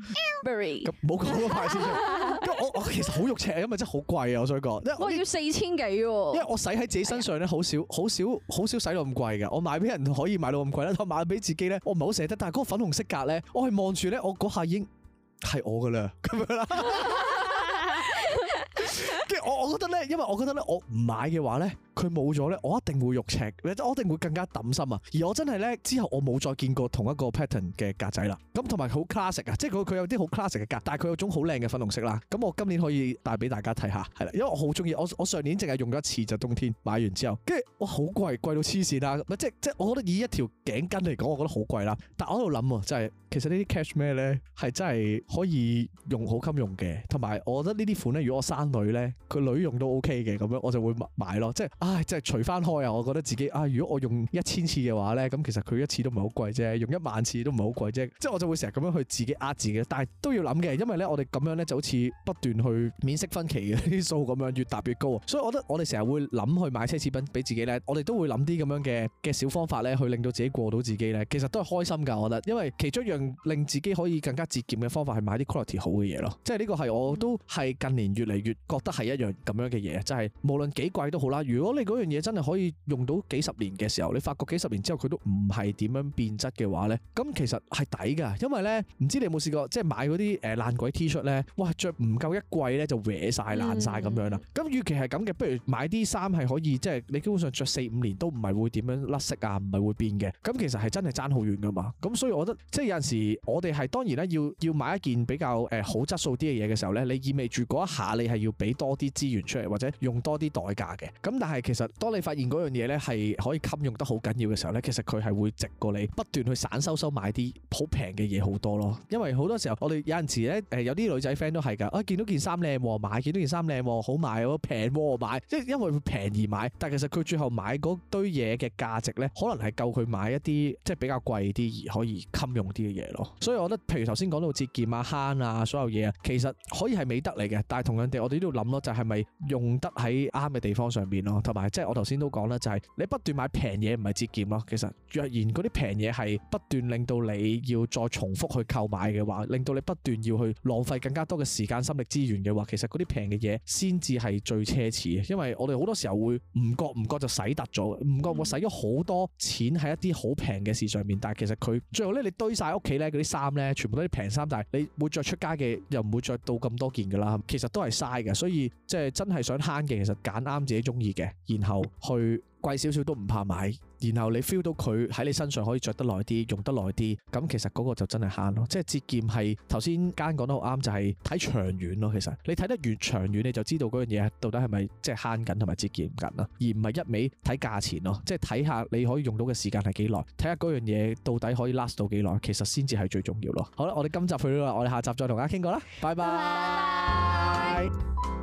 咁唔好講個牌子，因為 我我其實好肉赤，因為真係好貴啊。我想講，我，要四千幾。因為我使喺自己身上咧，好少好少好少使到咁貴嘅。我買俾人可以買到咁貴啦，但買俾自己咧，我唔係好捨得。但係嗰個粉紅色格咧，我係望住咧，我嗰下已經。係我㗎喇，咁樣啦，跟住我，我覺得呢，因為我覺得呢，我唔買嘅話呢。佢冇咗咧，我一定會肉赤，我一定會更加抌心啊！而我真係咧，之後我冇再見過同一個 pattern 嘅格仔啦。咁同埋好 classic 啊，即係佢佢有啲好 classic 嘅格，但係佢有種好靚嘅粉紅色啦。咁我今年可以帶俾大家睇下，係啦，因為我好中意。我我上年淨係用咗一次就冬天買完之後，跟住我好貴貴到黐線啦！即即係我覺得以一條頸巾嚟講，我覺得好貴啦。但我喺度諗喎，就係、是、其實呢啲 cashmere 咧，係真係可以用好襟用嘅。同埋我覺得呢啲款咧，如果我生女咧，佢女用都 OK 嘅咁樣，我就會買咯。即係唉，即係除翻開啊！我覺得自己啊，如果我用一千次嘅話咧，咁其實佢一次都唔係好貴啫，用一萬次都唔係好貴啫。即係我就會成日咁樣去自己呃自己，但係都要諗嘅，因為咧我哋咁樣咧就好似不斷去免息分期嘅呢啲數咁樣越搭越高。所以我覺得我哋成日會諗去買奢侈品俾自己咧，我哋都會諗啲咁樣嘅嘅小方法咧，去令到自己過到自己咧。其實都係開心噶，我覺得，因為其中一樣令自己可以更加節儉嘅方法係買啲 quality 好嘅嘢咯。即係呢個係我都係近年越嚟越覺得係一樣咁樣嘅嘢，就係無論幾貴都好啦，如果如果你嗰樣嘢真係可以用到幾十年嘅時候，你發覺幾十年之後佢都唔係點樣變質嘅話咧，咁其實係抵㗎。因為咧，唔知你有冇試過，即係買嗰啲誒爛鬼 T 恤咧，哇，著唔夠一季咧就歪曬爛曬咁樣啦。咁與其係咁嘅，不如買啲衫係可以即係你基本上著四五年都唔係會點樣甩色啊，唔係會變嘅。咁其實係真係爭好遠㗎嘛。咁所以我覺得即係有陣時我哋係當然咧要要買一件比較誒好質素啲嘅嘢嘅時候咧，你意味住嗰一下你係要俾多啲資源出嚟或者用多啲代價嘅。咁但係其實當你發現嗰樣嘢咧係可以襟用得好緊要嘅時候咧，其實佢係會值過你不斷去散收收買啲好平嘅嘢好多咯。因為好多時候我哋有陣時咧，誒、呃、有啲女仔 friend 都係噶，啊、哎、見到件衫靚、哦、買，見到件衫靚、哦、好買，平、哦哦、買，即係因為會平而買。但係其實佢最後買嗰堆嘢嘅價值咧，可能係夠佢買一啲即係比較貴啲而可以襟用啲嘅嘢咯。所以我覺得譬如頭先講到節儉啊、慳啊、所有嘢啊，其實可以係美德嚟嘅，但係同樣地，我哋都要諗咯，就係、是、咪用得喺啱嘅地方上邊咯？同埋，即係我頭先都講啦，就係、是就是、你不斷買平嘢唔係節儉咯。其實若然嗰啲平嘢係不斷令到你要再重複去購買嘅話，令到你不斷要去浪費更加多嘅時間、心力資源嘅話，其實嗰啲平嘅嘢先至係最奢侈嘅。因為我哋好多時候會唔覺唔覺就洗突咗，唔覺我使咗好多錢喺一啲好平嘅事上面，但係其實佢最後呢，你堆晒屋企呢嗰啲衫呢，全部都係平衫，但係你會着出街嘅又唔會着到咁多件㗎喇，其實都係嘥嘅。所以即係、就是、真係想慳嘅，其實揀啱自己中意嘅。然後去貴少少都唔怕買，然後你 feel 到佢喺你身上可以着得耐啲，用得耐啲，咁其實嗰個就真係慳咯。即係節儉係頭先間講得好啱，就係睇長遠咯。其實你睇得越長遠，你就知道嗰樣嘢到底係咪即係慳緊同埋節儉緊啦，而唔係一味睇價錢咯。即係睇下你可以用到嘅時間係幾耐，睇下嗰樣嘢到底可以 last 到幾耐，其實先至係最重要咯。好啦，我哋今集去到呢度，我哋下集再同大家傾過啦，拜拜。拜拜。